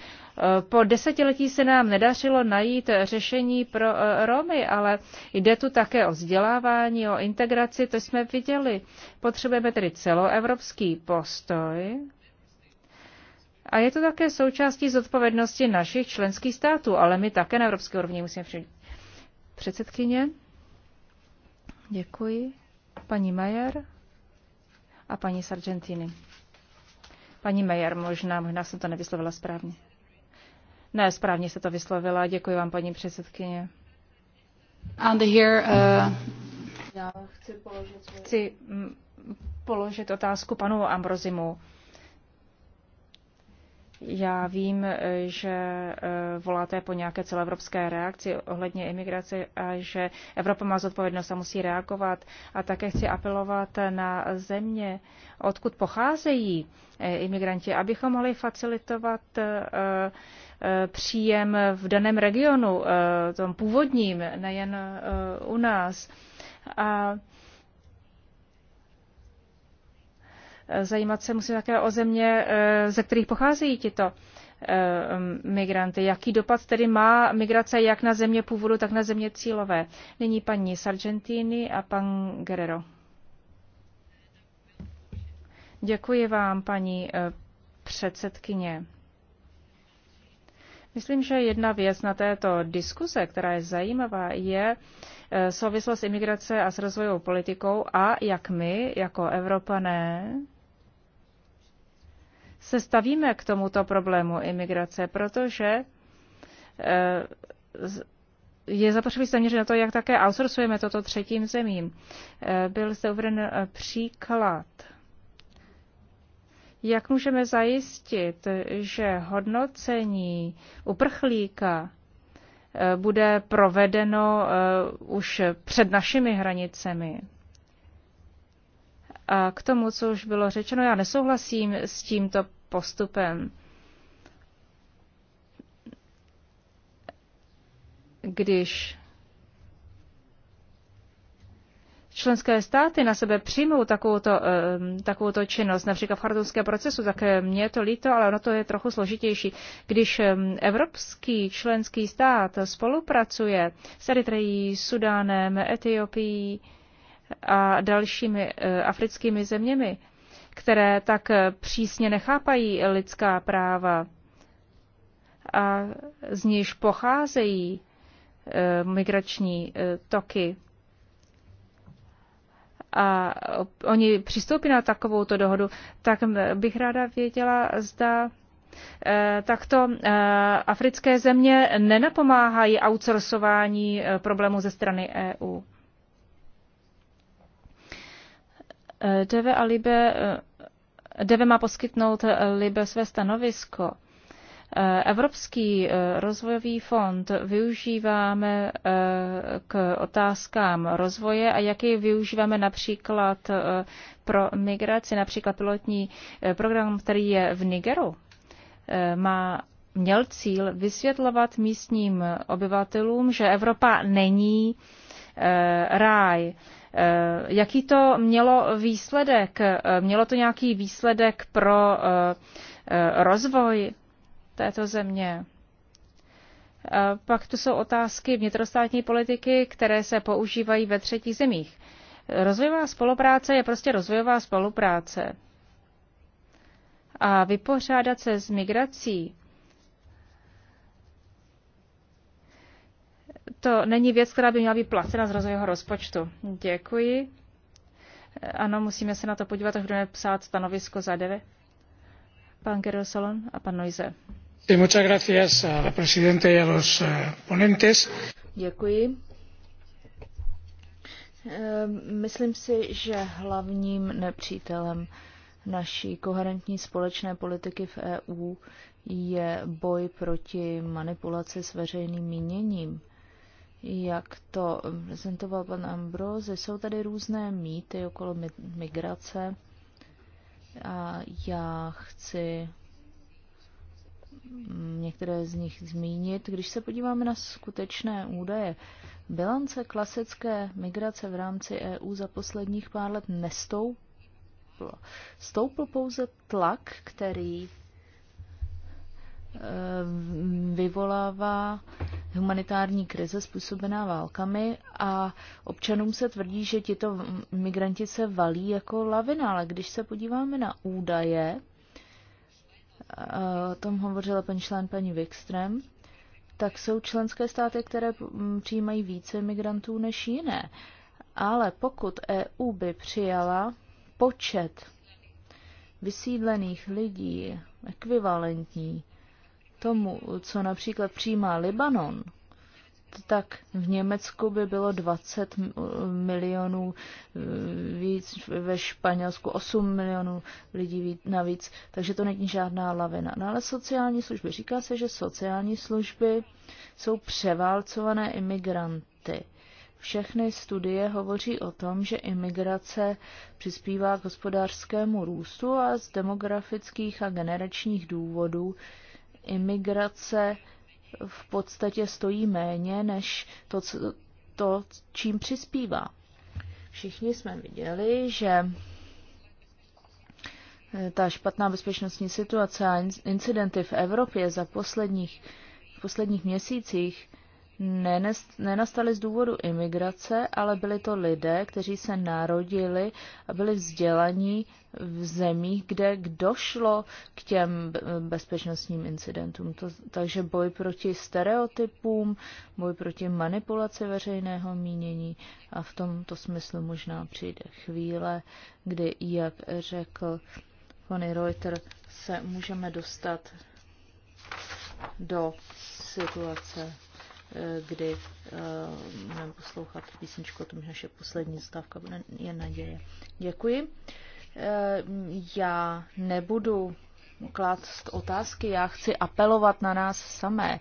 [SPEAKER 2] Po desetiletí se nám nedařilo najít řešení pro Romy, ale jde tu také o vzdělávání, o integraci, to jsme viděli. Potřebujeme tedy celoevropský postoj a je to také součástí zodpovědnosti našich členských států, ale my také na evropské úrovni musíme přijít. Předsedkyně, děkuji. Paní Majer a paní Sargentini. Paní Majer, možná, možná jsem to nevyslovila správně. Ne, správně se to vyslovila. Děkuji vám, paní předsedkyně. And here, uh...
[SPEAKER 3] Já chci položit, chci
[SPEAKER 2] mm, položit otázku panu Ambrozimu. Já vím, eh, že eh, voláte po nějaké celoevropské reakci ohledně imigrace a že Evropa má zodpovědnost a musí reagovat. A také chci apelovat na země, odkud pocházejí eh, imigranti, abychom mohli facilitovat příjem v daném regionu, tom původním, nejen u nás. A Eh, zajímat se musí také o země, eh, ze kterých pocházejí tito eh, migranty. Jaký dopad tedy má migrace jak na země původu, tak na země cílové? Nyní paní Sargentini a pan Guerrero. Děkuji vám, paní předsedkyně. Myslím, že jedna věc na této diskuze, která je zajímavá, je souvislost imigrace a s rozvojovou politikou a jak my, jako Evropané, se stavíme k tomuto problému imigrace, protože eh, je zapotřebí měřit na to, jak také outsourcujeme toto třetím zemím. Eh, byl zde uveden eh, příklad. Jak můžeme zajistit, že hodnocení uprchlíka bude provedeno už před našimi hranicemi? A k tomu, co už bylo řečeno, já nesouhlasím s tímto postupem. Když členské státy na sebe přijmou takovouto, takovouto činnost, například v chartovském procesu, tak mě je to líto, ale ono to je trochu složitější. Když evropský členský stát spolupracuje s Eritreí, Sudánem, Etiopií a dalšími e, africkými zeměmi, které tak přísně nechápají lidská práva a z níž pocházejí e, migrační e, toky. A oni přistoupí na takovouto dohodu, tak bych ráda věděla, zda e, takto africké země nenapomáhají outsourcování problému ze strany EU. Deve Alibe DEVE má poskytnout eh, Libe své stanovisko. Eh, Evropský eh, rozvojový fond využíváme k otázkám rozvoje a jaký využíváme například pro migraci, například pilotní program, který je v Nigeru, má měl cíl vysvětlovat místním obyvatelům, že Evropa není ráj, Eh, jaký to mělo výsledek? Eh, mělo to nějaký výsledek pro eh, rozvoj této země? Pak tu jsou otázky vnitrostátní politiky, které se používají ve třetích zemích. Rozvojová spolupráce je prostě rozvojová spolupráce. A vypořádat se s migrací to není věc, která by měla být placena z rozvojového rozpočtu. Děkuji. Ano, musíme se na to podívat, až budeme psát stanovisko za deve. Pan Gerol Solon a pan Noize. Muchas gracias a y a los eh, ponentes.
[SPEAKER 3] Děkuji. Ehm, myslím si, že hlavním nepřítelem naší koherentní společné politiky v EU je boj proti manipulaci s veřejným míněním jak to prezentoval pan Ambroze, jsou tady různé mýty okolo migrace a já chci některé z nich zmínit. Když se podíváme na skutečné údaje, bilance klasické migrace v rámci EU za posledních pár let nestoupla. Stoupl pouze tlak, který Eh, vyvolává humanitární krize způsobená válkami a občanům se tvrdí, že tito migranti se valí jako lavina, ale když se podíváme na údaje, eh, o tom hovořila paní člen paní Wikström, tak jsou členské státy, které mm, přijímají více migrantů než jiné. Ale pokud EU by přijala počet vysídlených lidí ekvivalentní tomu, co například přijímá Libanon, tak v Německu by bylo 20 milionů e, víc, ve Španělsku 8 milionů lidí navíc, takže to není žádná lavina. No ale sociální služby, říká se, že sociální služby jsou převálcované imigranty. Všechny studie hovoří o tom, že imigrace přispívá k hospodářskému růstu a z demografických a generačních důvodů imigrace v podstatě stojí méně než to, co, to čím přispívá. Všichni jsme viděli, že eh, ta špatná bezpečnostní situace a incidenty v Evropě za posledních, v posledních měsících nenastaly z důvodu imigrace, ale byli to lidé, kteří se narodili a byli vzdělaní v zemích, kde došlo k těm bezpečnostním incidentům. To, takže boj proti stereotypům, boj proti manipulaci veřejného mínění a v tomto smyslu možná přijde chvíle, kdy, jak řekl Pony Reuter, se můžeme dostat do situace kdy eh, budeme poslouchat písničku o tom, že naše poslední stávka je naděje. Děkuji. Eh, já nebudu klást otázky, já chci apelovat na nás samé.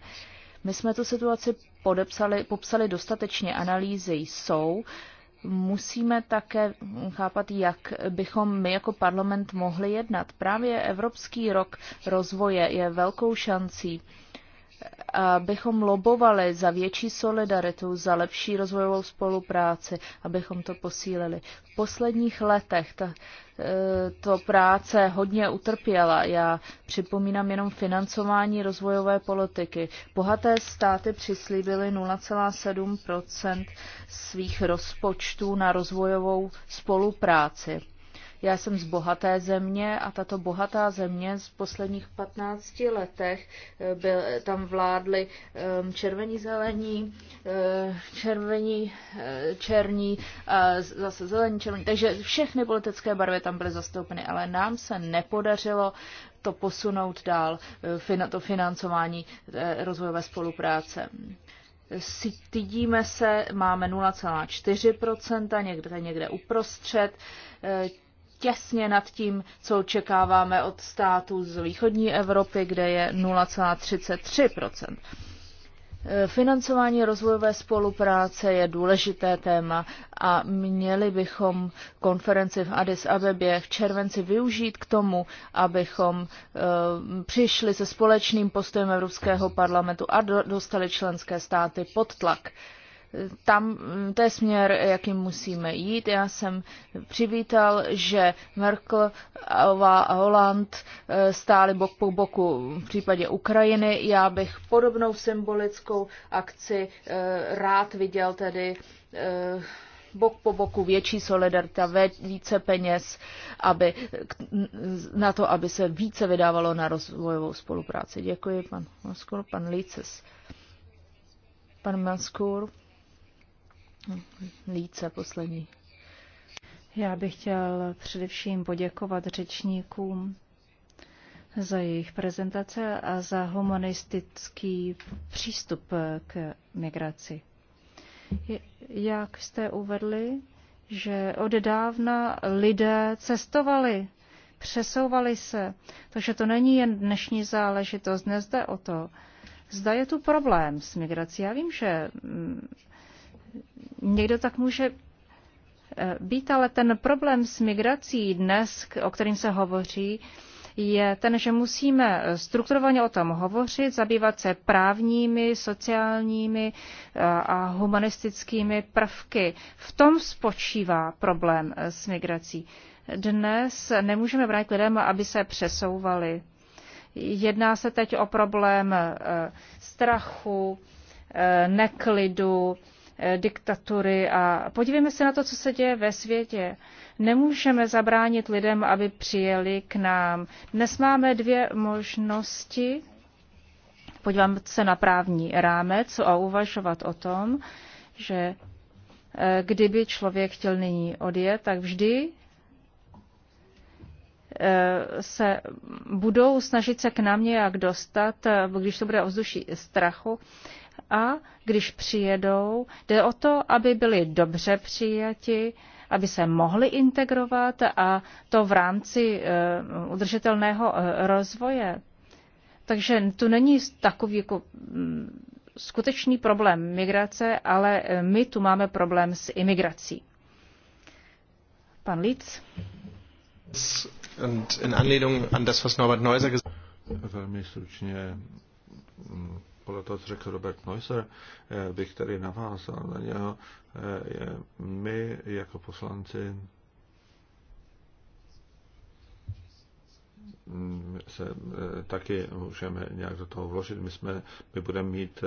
[SPEAKER 3] My jsme tu situaci podepsali, popsali dostatečně, analýzy jsou, musíme také chápat, jak bychom my jako parlament mohli jednat. Právě Evropský rok rozvoje je velkou šancí abychom lobovali za větší solidaritu, za lepší rozvojovou spolupráci, abychom to posílili. V posledních letech ta, e, to práce hodně utrpěla. Já připomínám jenom financování rozvojové politiky. Bohaté státy přislíbily 0,7 svých rozpočtů na rozvojovou spolupráci. Já jsem z bohaté země a tato bohatá země z posledních 15 letech eh, byl, eh, tam vládly ehm, červení zelení, eh, červení černí, zase zelení červení. Takže všechny politické barvy tam byly zastoupeny, ale nám se nepodařilo to posunout dál, to financování rozvojové spolupráce. Stydíme se, máme 0,4%, někde někde uprostřed těsně nad tím, co očekáváme od států z východní Evropy, kde je 0,33 Financování rozvojové spolupráce je důležité téma a měli bychom konferenci v Addis Abebě v červenci využít k tomu, abychom eh, přišli se společným postojem Evropského parlamentu a dostali členské státy pod tlak tam to je směr, jakým musíme jít. Já jsem přivítal, že Merkel a Holland eh, stáli bok po boku v případě Ukrajiny. Já bych podobnou symbolickou akci eh, rád viděl tedy eh, bok po boku větší solidarita, více peněz, aby, na to, aby se více vydávalo na rozvojovou spolupráci. Děkuji, pan Maskur, pan Líces. Pan Maskur. Líce, poslední. Já bych chtěl především
[SPEAKER 2] poděkovat řečníkům za jejich prezentace a za humanistický přístup k migraci. Jak jste uvedli, že od dávna lidé cestovali, přesouvali se, takže to není jen dnešní záležitost, nezde o to. Zda je tu problém s migrací. Já vím, že mm, někdo tak může eh, být, ale ten problém s migrací dnes, o kterým se hovoří, je ten, že musíme strukturovaně o tom hovořit, zabývat se právními, sociálními eh, a humanistickými prvky. V tom spočívá problém eh, s migrací. Dnes nemůžeme bránit lidem, aby se přesouvali. Jedná se teď o problém strachu, neklidu, Eh, diktatury a podívejme se na to, co se děje ve světě. Nemůžeme zabránit lidem, aby přijeli k nám. Dnes máme dvě možnosti. Podívám se na právní rámec a uvažovat o tom, že eh, kdyby člověk chtěl nyní odjet, tak vždy eh, se budou snažit se k nám nějak dostat, když to bude ovzduší strachu, a když přijedou, jde o to, aby byli dobře přijati, aby se mohli integrovat a to v rámci eh, udržitelného eh, rozvoje. Takže tu není takový jako mm, skutečný problém migrace, ale eh, my tu máme problém s imigrací. Pan Litz.
[SPEAKER 1] Velmi stručně mm, podle toho, co řekl Robert Neusser, eh, bych tedy navázal na něho. Eh, my jako poslanci mm, se eh, taky můžeme nějak do toho vložit. My, jsme, my budeme mít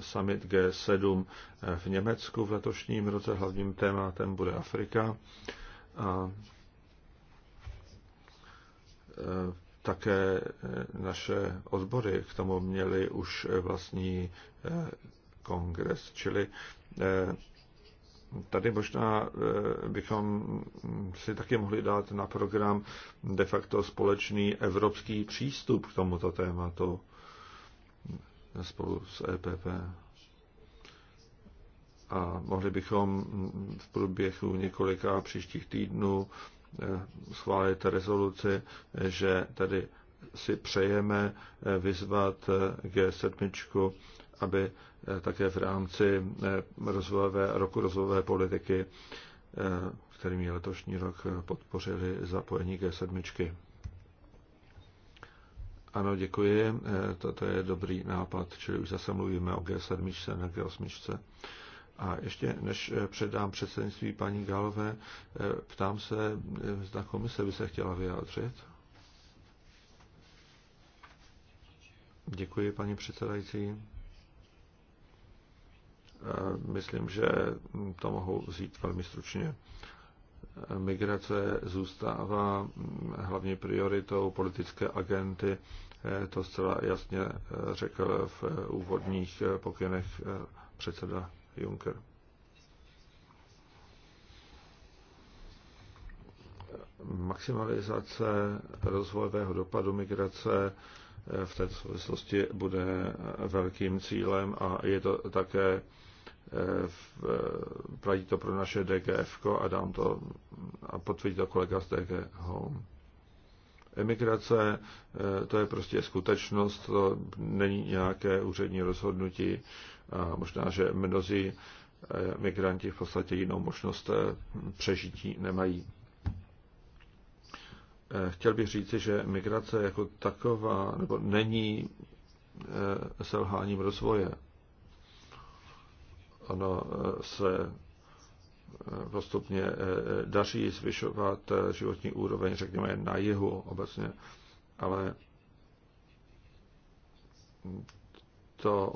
[SPEAKER 1] summit G7 v Německu v letošním roce. Hlavním tématem bude Afrika. A také eh, naše odbory k tomu měly už eh, vlastní eh, kongres, čili tady možná bychom si taky mohli dát na program de facto společný evropský přístup k tomuto tématu spolu s EPP. A mohli bychom v průběhu několika příštích týdnů Eh, schválit rezoluci, že tedy si přejeme eh, vyzvat eh, G7, aby také v rámci rozvojové, roku rozvojové politiky, kterým je letošní rok, podpořili zapojení G7. Ano, děkuji. Toto je dobrý nápad, čili už zase mluvíme o G7 ne G8. A ještě než eh, předám předsednictví paní Galové, eh, ptám se, eh, zda komise by se chtěla vyjádřit. Děkuji, paní předsedající. Myslím, že to mohu vzít velmi stručně. Migrace zůstává mm, hlavně prioritou politické agenty. To zcela jasně řekl v úvodních pokynech předseda Juncker. Maximalizace rozvojového dopadu migrace eh, v této souvislosti bude velkým cílem a je to také eh, eh, platí to pro naše DGF a dám to a potvrdí to kolega z DG Home. Emigrace, to je prostě skutečnost, to není nějaké úřední rozhodnutí. A možná, že mnozí eh, migranti v podstatě jinou možnost eh, přežití nemají. Eh, chtěl bych říci, že migrace jako taková nebo není selháním rozvoje. Ono se postupně daří zvyšovat životní úroveň, řekněme, na jihu obecně, ale to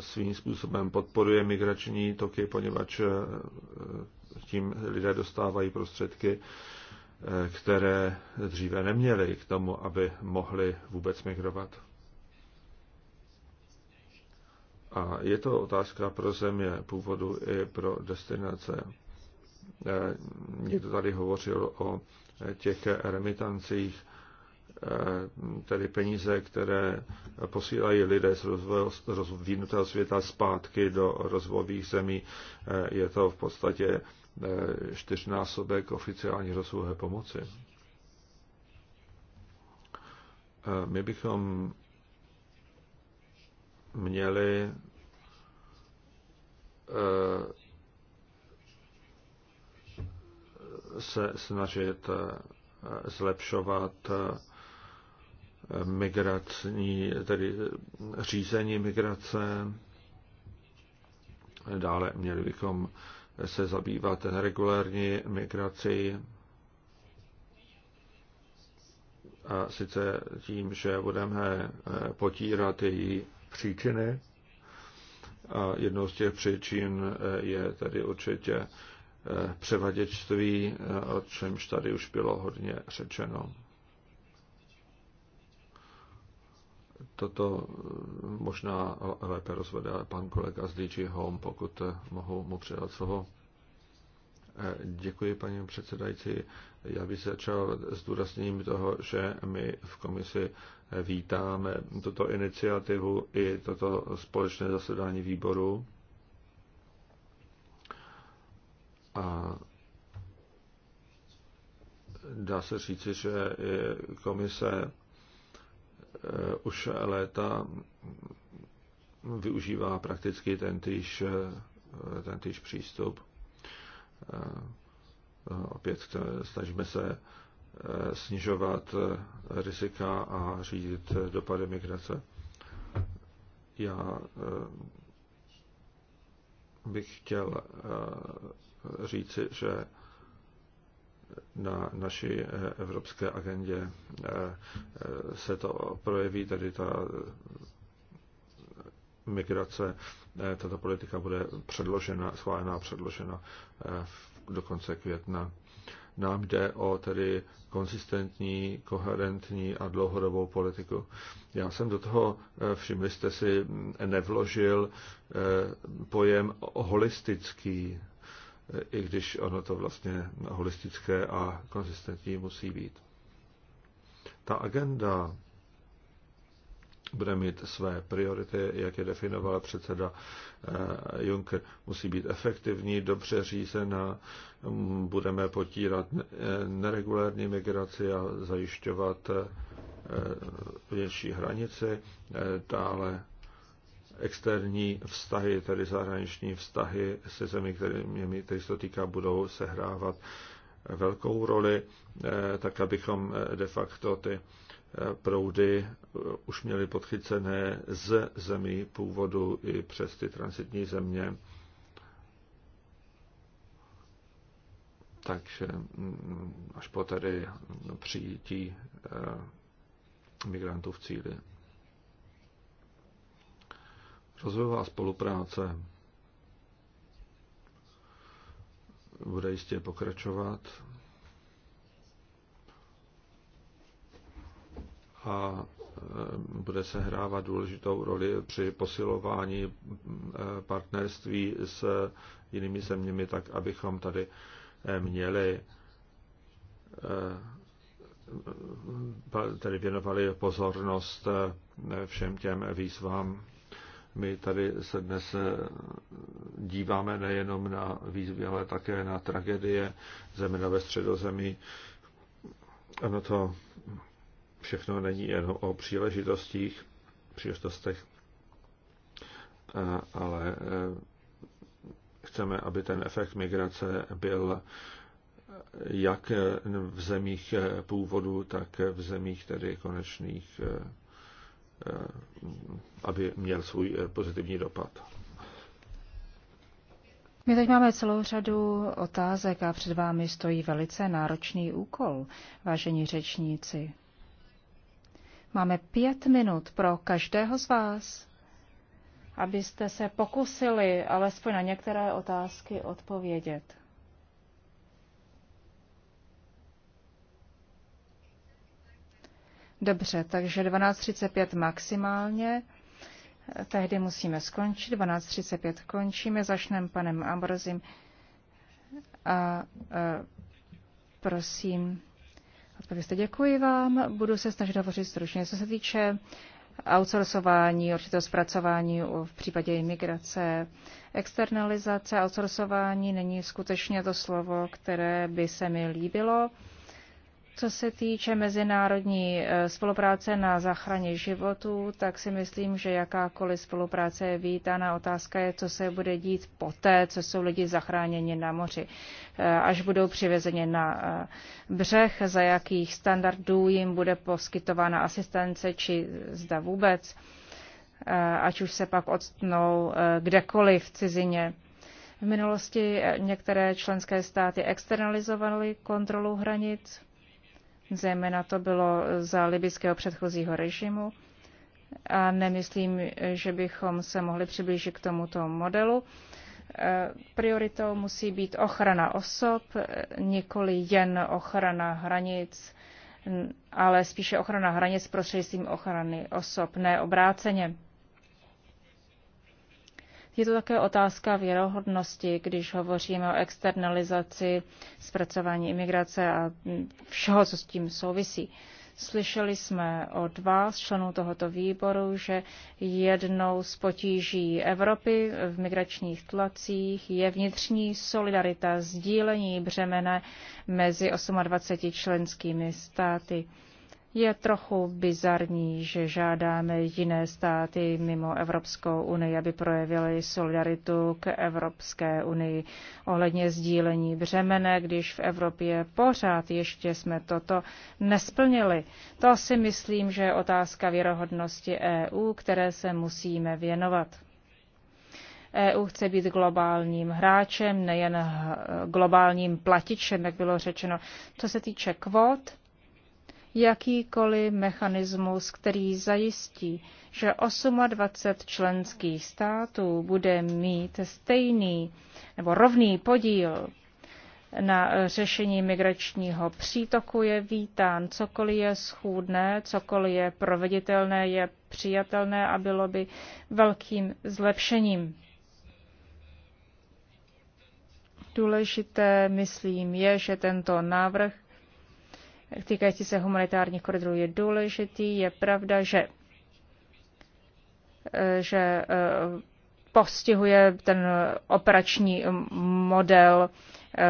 [SPEAKER 1] svým způsobem podporuje migrační toky, poněvadž eh, tím lidé dostávají prostředky, eh, které dříve neměli k tomu, aby mohli vůbec migrovat. A je to otázka pro země původu i pro destinace. Eh, někdo tady hovořil o těch remitancích Eh, tedy peníze, které posílají lidé z rozvinutého světa zpátky do rozvojových zemí. Eh, je to v podstatě eh, čtyřnásobek oficiální rozvojové pomoci. My bychom měli se snažit zlepšovat migrační, tedy řízení migrace. Dále měli bychom se zabývat neregulární migrací a sice tím, že budeme potírat její příčiny. A jednou z těch příčin je tedy určitě převaděčství, o čemž tady už bylo hodně řečeno. toto eh, možná lépe rozvede pan kolega z DG Home, pokud eh, mohu mu předat slovo. Eh, děkuji, paní předsedající. Já bych začal s důrazněním toho, že my v komisi vítáme tuto iniciativu i toto společné zasedání výboru. A dá se říci, že komise Eh, už léta využívá prakticky ten týž, eh, ten týž přístup. Eh, opět snažíme se snižovat rizika a řídit dopady migrace. Já bych chtěl říci, že na naší eh, evropské agendě eh, eh, se to projeví, tedy ta migrace, tato politika bude předložena, schválená předložena do konce května. Nám jde o tedy konzistentní, koherentní a dlouhodobou politiku. Já jsem do toho, všimli jste si, nevložil pojem holistický i když ono to vlastně holistické a konzistentní musí být. Ta agenda bude mít své priority, jak je definoval předseda eh, Juncker. Musí být efektivní, dobře řízená, budeme potírat neregulární migraci a zajišťovat eh, větší hranici, eh, dále externí vztahy, tedy zahraniční vztahy se zemi, které který se to týká, budou sehrávat velkou roli, eh, tak abychom eh, de facto ty eh, proudy už měli podchycené z zemí původu i přes ty transitní země. Takže mm, až po tedy přijítí migrantů v cíli. Rozvojová spolupráce bude jistě pokračovat. A e, bude se hrávat důležitou roli při posilování e, partnerství s jinými zeměmi, tak abychom tady e, měli tedy věnovali pozornost všem těm výzvám. My tady se dnes eh, díváme nejenom na výzvy, ale také na tragédie, zejména ve středozemí. Ano, to všechno není jen o příležitostích, příležitostech, eh, ale eh, chceme, aby ten efekt migrace byl jak v zemích původu, tak v zemích tedy konečných Eh, aby měl svůj eh, pozitivní dopad.
[SPEAKER 2] My teď máme celou řadu otázek a před vámi stojí velice náročný úkol, vážení řečníci. Máme pět minut pro každého z vás, abyste se pokusili alespoň na některé otázky odpovědět. Dobře, takže 12.35 maximálně. Tehdy musíme skončit. 12.35 končíme. Začneme panem Ambrozim. A, a prosím, odpověste. Děkuji vám. Budu se snažit hovořit stručně. Co se týče outsourcování, určitého zpracování v případě imigrace. Externalizace, outsourcování není skutečně to slovo, které by se mi líbilo. Co se týče mezinárodní e, spolupráce na záchraně životů, tak si myslím, že jakákoliv spolupráce je vítána. Otázka je, co se bude dít poté, co jsou lidi zachráněni na moři, e, až budou přivezeni na e, břeh, za jakých standardů jim bude poskytována asistence, či zda vůbec, ať už se pak odstnou kdekoliv v cizině. V minulosti některé členské státy externalizovaly kontrolu hranic, Zejména to bylo za libyského předchozího režimu. A nemyslím, že bychom se mohli přiblížit k tomuto modelu. E, prioritou musí být ochrana osob, nikoli jen ochrana hranic, ale spíše ochrana hranic prostřednictvím ochrany osob, ne obráceně. Je to také otázka věrohodnosti, když hovoříme o externalizaci zpracování imigrace a všeho, co s tím souvisí. Slyšeli jsme od vás, členů tohoto výboru, že jednou z potíží Evropy v migračních tlacích je vnitřní solidarita, sdílení břemene mezi 28 členskými státy. Je trochu bizarní, že žádáme jiné státy mimo Evropskou unii, aby projevily solidaritu k Evropské unii ohledně sdílení břemene, když v Evropě pořád ještě jsme toto nesplnili. To si myslím, že je otázka věrohodnosti EU, které se musíme věnovat. EU chce být globálním hráčem, nejen globálním platičem, jak bylo řečeno. Co se týče kvót, jakýkoliv mechanismus, který zajistí, že 28 členských států bude mít stejný nebo rovný podíl na řešení migračního přítoku je vítán. Cokoliv je schůdné, cokoliv je proveditelné, je přijatelné a bylo by velkým zlepšením. Důležité, myslím, je, že tento návrh týkající se humanitárních koridorů je důležitý. Je pravda, že, eh, že eh, postihuje ten operační model eh,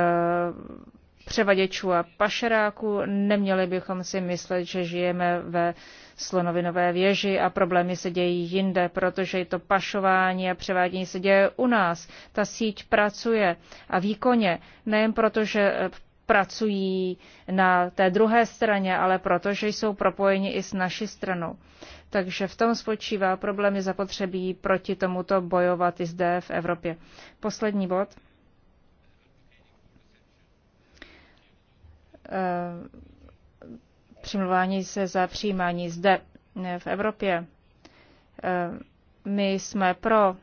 [SPEAKER 2] převaděčů a pašeráků. Neměli bychom si myslet, že žijeme ve slonovinové věži a problémy se dějí jinde, protože to pašování a převádění se děje u nás. Ta síť pracuje a výkonně, nejen proto, že pracují na té druhé straně, ale protože jsou propojeni i s naší stranou. Takže v tom spočívá problém, zapotřebí proti tomuto bojovat i zde v Evropě. Poslední bod. Eh, Přimluvání se za přijímání zde eh, v Evropě. Eh, my jsme pro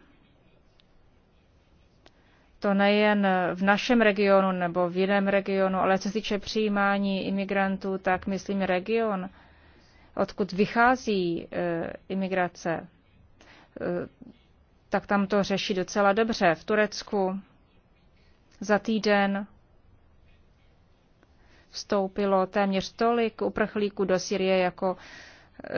[SPEAKER 2] to nejen v našem regionu nebo v jiném regionu, ale co se týče přijímání imigrantů, tak myslím region, odkud vychází e, imigrace, e, tak tam to řeší docela dobře. V Turecku za týden vstoupilo téměř tolik uprchlíků do Syrie jako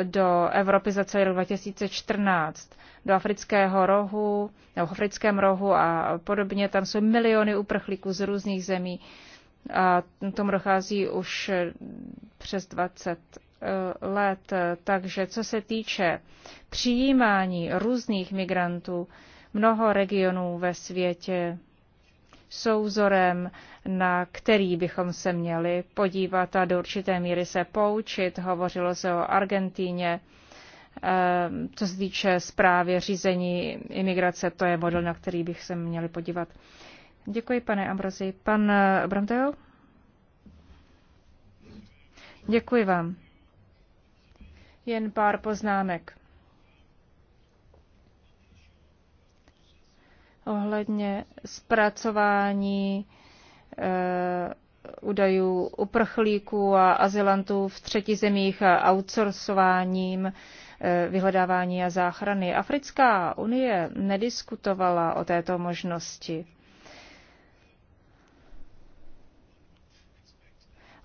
[SPEAKER 2] do Evropy za celý rok 2014, do afrického rohu, nebo africkém rohu a podobně. Tam jsou miliony uprchlíků z různých zemí a tomu dochází už eh, přes 20 eh, let. Takže co se týče přijímání různých migrantů, mnoho regionů ve světě jsou vzorem, na který bychom se měli podívat a do určité míry se poučit. Hovořilo se o Argentíně. Ehm, co se týče zprávy řízení imigrace, to je model, na který bych se měli podívat. Děkuji, pane Ambrozi. Pan eh, Bramteo? Děkuji vám. Jen pár poznámek. ohledně zpracování e, údajů uprchlíků a azylantů v třetí zemích a outsourcováním e, vyhledávání a záchrany. Africká unie nediskutovala o této možnosti.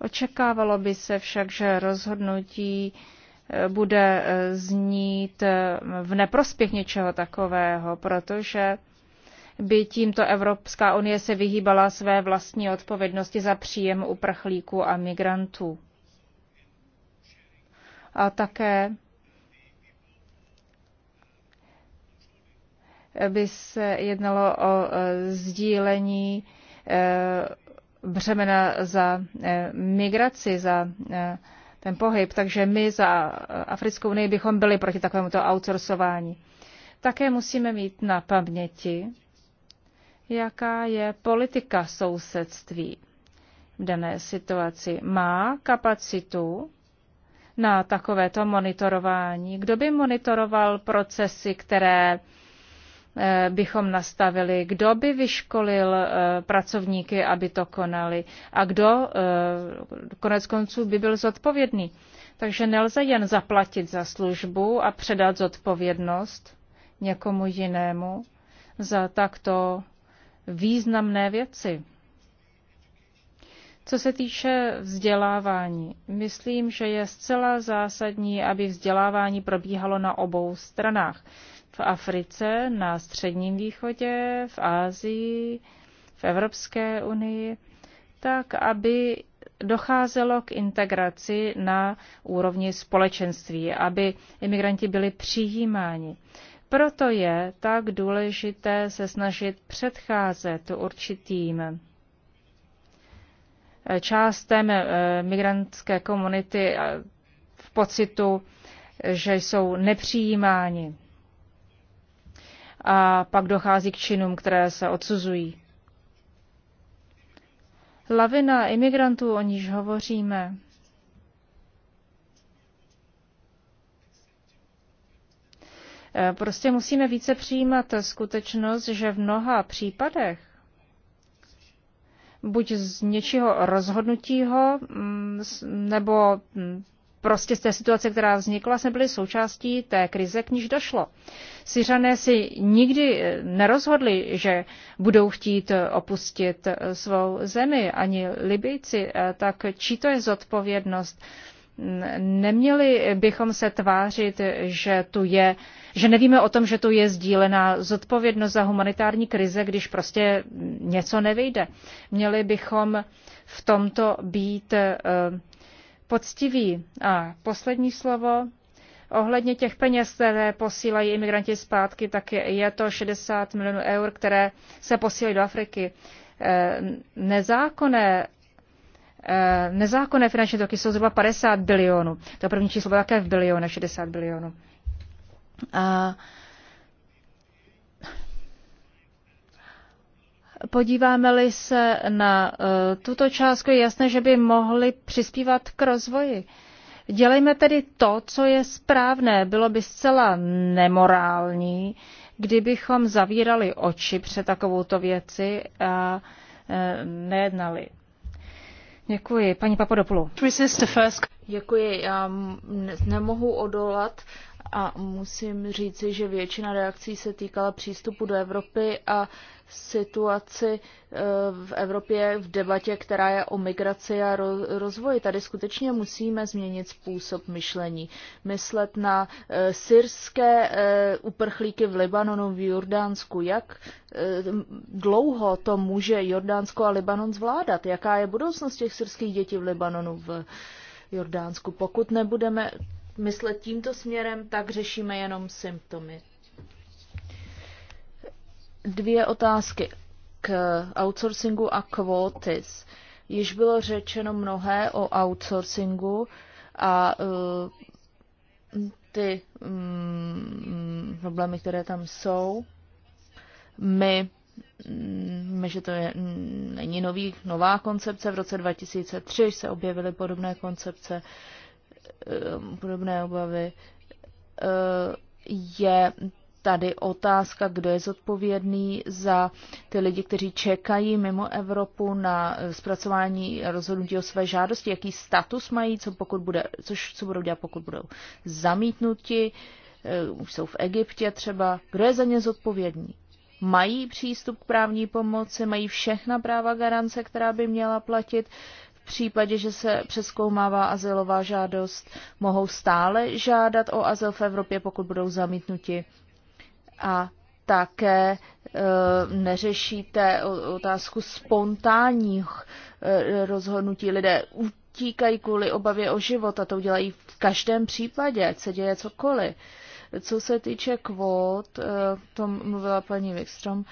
[SPEAKER 2] Očekávalo by se však, že rozhodnutí eh, bude znít v neprospěch něčeho takového, protože by tímto Evropská unie se vyhýbala své vlastní odpovědnosti za příjem uprchlíků a migrantů. A také by se jednalo o e, sdílení e, břemena za e, migraci, za ten pohyb, takže my za Africkou unii bychom byli proti takovémuto outsourcování. Také musíme mít na paměti, jaká je politika sousedství v dané situaci. Má kapacitu na takovéto monitorování? Kdo by monitoroval procesy, které eh, bychom nastavili, kdo by vyškolil eh, pracovníky, aby to konali a kdo eh, konec konců by byl zodpovědný. Takže nelze jen zaplatit za službu a předat zodpovědnost někomu jinému za takto významné věci. Co se týče vzdělávání, myslím, že je zcela zásadní, aby vzdělávání probíhalo na obou stranách. V Africe, na Středním východě, v Ázii, v Evropské unii, tak aby docházelo k integraci na úrovni společenství, aby imigranti byli přijímáni. Proto je tak důležité se snažit předcházet určitým eh, částem eh, migrantské komunity eh, v pocitu, že jsou nepřijímáni. A pak dochází k činům, které se odsuzují. Lavina imigrantů, o níž hovoříme, Prostě musíme více přijímat skutečnost, že v mnoha případech buď z něčího rozhodnutího, mm, nebo mm, prostě z té situace, která vznikla, jsme byli součástí té krize, k níž došlo. Syřané si nikdy eh, nerozhodli, že budou chtít eh, opustit eh, svou zemi, ani Libyjci, tak čí to je zodpovědnost? Neměli bychom se tvářit, že tu je, že nevíme o tom, že tu je sdílená zodpovědnost za humanitární krize, když prostě něco nevyjde. Měli bychom v tomto být eh, poctiví. A poslední slovo ohledně těch peněz, které posílají imigranti zpátky, tak je to 60 milionů eur, které se posílají do Afriky. Eh, nezákonné Eh, nezákonné finanční toky jsou zhruba 50 bilionů. To první číslo bylo také v bilionu, 60 bilionů. A podíváme-li se na eh, tuto částku, je jasné, že by mohli přispívat k rozvoji. Dělejme tedy to, co je správné. Bylo by zcela nemorální, kdybychom zavírali oči před takovouto věci a eh, nejednali. Děkuji. Paní Papadopoulou.
[SPEAKER 3] Děkuji. Já nemohu odolat a musím říci, že většina reakcí se týkala přístupu do Evropy a situaci eh, v Evropě v debatě, která je o migraci a rozvoji. Tady skutečně musíme změnit způsob myšlení. Myslet na eh, syrské eh, uprchlíky v Libanonu, v Jordánsku. Jak dlouho to může Jordánsko a Libanon zvládat? Jaká je budoucnost těch syrských dětí v Libanonu, v Jordánsku. Pokud nebudeme myslet tímto směrem, tak řešíme jenom symptomy. Dvě otázky k outsourcingu a kvótis. Již bylo řečeno mnohé o outsourcingu a uh, ty um, problémy, které tam jsou. My mm, my, že to je, mm, není nový, nová koncepce. V roce 2003 se objevily podobné koncepce. Um, podobné obavy, uh, je tady otázka, kdo je zodpovědný za ty lidi, kteří čekají mimo Evropu na eh, zpracování rozhodnutí o své žádosti, jaký status mají, co, pokud bude, což, co budou dělat, pokud budou zamítnuti, eh, už jsou v Egyptě třeba, kdo je za ně zodpovědný. Mají přístup k právní pomoci, mají všechna práva garance, která by měla platit, případě, že se přeskoumává azylová žádost, mohou stále žádat o azyl v Evropě, pokud budou zamítnuti. A také e, neřešíte otázku spontánních e, rozhodnutí. Lidé utíkají kvůli obavě o život a to udělají v každém případě, ať se děje cokoliv. Co se týče kvót, e, tom mluvila paní Wikström, e,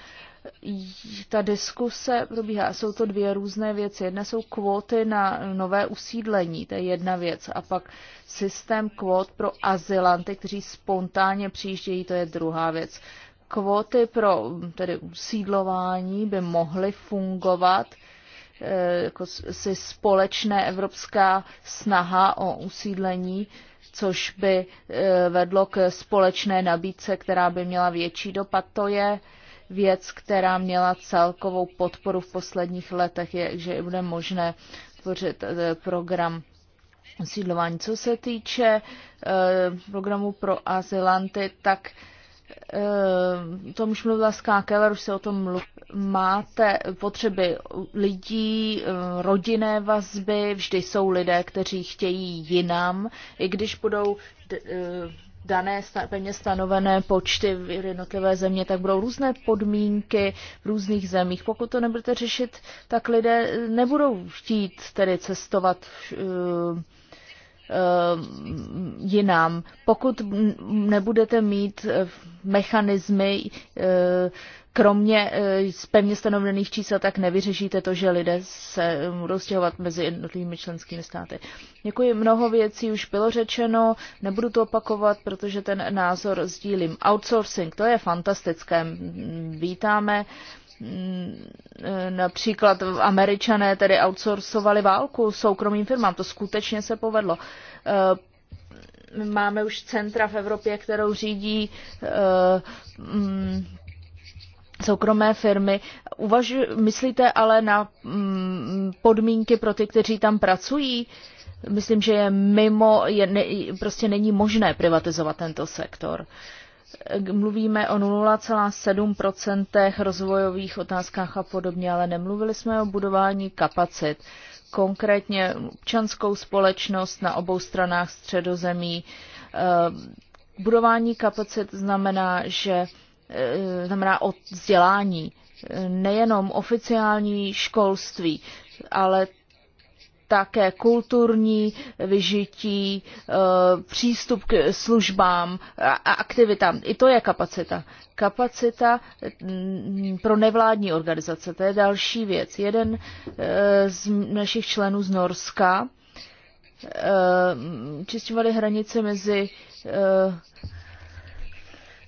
[SPEAKER 3] ta diskuse probíhá. Jsou to dvě různé věci. Jedna jsou kvóty na nové usídlení, to je jedna věc. A pak systém kvót pro azylanty, kteří spontánně přijíždějí, to je druhá věc. Kvóty pro tedy usídlování by mohly fungovat eh, jako si společné evropská snaha o usídlení, což by eh, vedlo k společné nabídce, která by měla větší dopad. To je věc, která měla celkovou podporu v posledních letech, je, že bude možné tvořit eh, program osídlování. Co se týče eh, programu pro azylanty, tak to eh, tom už mluvila Ská už se o tom mluv. Máte potřeby lidí, rodinné vazby, vždy jsou lidé, kteří chtějí jinam, i když budou dané pevně stanovené počty v jednotlivé země, tak budou různé podmínky v různých zemích. Pokud to nebudete řešit, tak lidé eh, nebudou chtít tedy cestovat uh, jinam. Pokud nebudete mít mechanismy kromě eh, z pevně stanovených čísel tak nevyřešíte to, že lidé se eh, budou stěhovat mezi jednotlivými členskými státy. Děkuji, mnoho věcí už bylo řečeno, nebudu to opakovat, protože ten názor sdílím. Outsourcing, to je fantastické, vítáme mm, eh, například američané tedy outsourcovali válku soukromým firmám. To skutečně se povedlo. Máme už centra v Evropě, kterou řídí mm, soukromé firmy. Uvažu, myslíte ale na mm, podmínky pro ty, kteří tam pracují? Myslím, že je mimo, je, ne, prostě není možné privatizovat tento sektor. Mluvíme o 0,7% rozvojových otázkách a podobně, ale nemluvili jsme o budování kapacit. Konkrétně občanskou společnost na obou stranách středozemí. Eh, budování kapacit znamená, že Eh, znamená o vzdělání, eh, nejenom oficiální školství, ale také kulturní vyžití, eh, přístup k službám a aktivitám. I to je kapacita. Kapacita mm, pro nevládní organizace, to je další věc. Jeden z našich členů z Norska čišťovali hranice mezi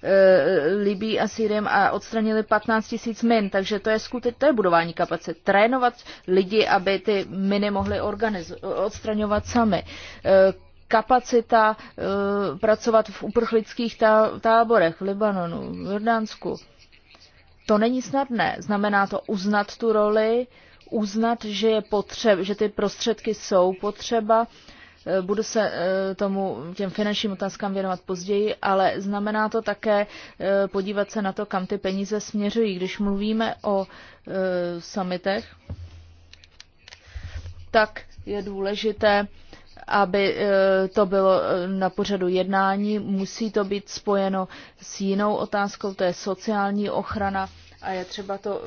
[SPEAKER 3] Eh, Libí a Syriem a odstranili 15 tisíc min, takže to je skutečně to je budování kapacit. Trénovat lidi, aby ty miny mohli odstraňovat sami. Eh, kapacita eh, pracovat v uprchlických táborech v Libanonu, v Jordánsku. To není snadné. Znamená to uznat tu roli, uznat, že je potřeba, že ty prostředky jsou potřeba, Budu se eh, tomu těm finančním otázkám věnovat později, ale znamená to také eh, podívat se na to, kam ty peníze směřují. Když mluvíme o eh, samitech, tak je důležité, aby to bylo na pořadu jednání. Musí to být spojeno s jinou otázkou, to je sociální ochrana a je třeba to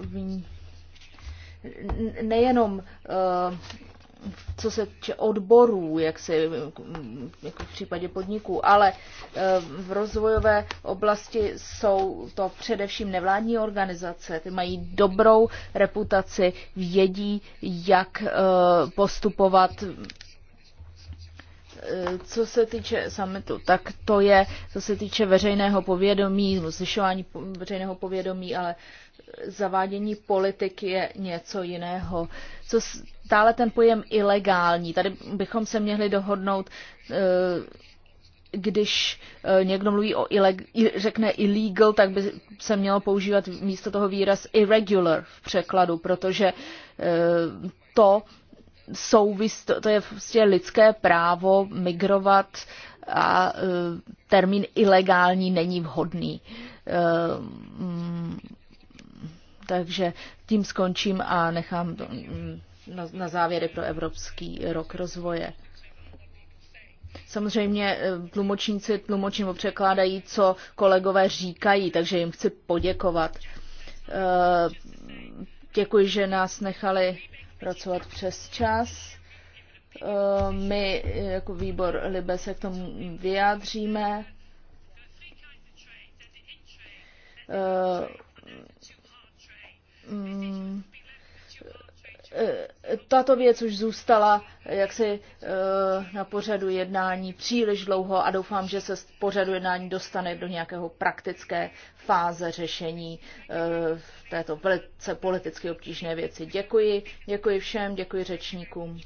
[SPEAKER 3] nejenom co se týče odborů, jak se jako v případě podniků, ale eh, v rozvojové oblasti jsou to především nevládní organizace, ty mají dobrou reputaci, vědí, jak eh, postupovat eh, co se týče summitu, tak to je, co se týče veřejného povědomí, zvyšování veřejného povědomí, ale zavádění politik je něco jiného. Co stále ten pojem ilegální. Tady bychom se měli dohodnout, eh, když eh, někdo mluví o ileg- řekne illegal, tak by se mělo používat místo toho výraz irregular v překladu, protože eh, to souvis, to, to je vlastně lidské právo migrovat a termín ilegální není vhodný. Mm, takže tím skončím a nechám to mm, na, na závěry pro Evropský rok rozvoje. Samozřejmě eh, tlumočníci tlumočí nebo překládají, co kolegové říkají, takže jim chci poděkovat. Eh, děkuji, že nás nechali pracovat přes čas. Eh, my jako výbor Libe se k tomu vyjádříme. Mm, e, tato věc už zůstala eh, jaksi eh, na pořadu jednání příliš dlouho a doufám, že se z pořadu jednání dostane do nějakého praktické fáze řešení eh, v této velice politicky obtížné věci. Děkuji, děkuji všem, děkuji řečníkům.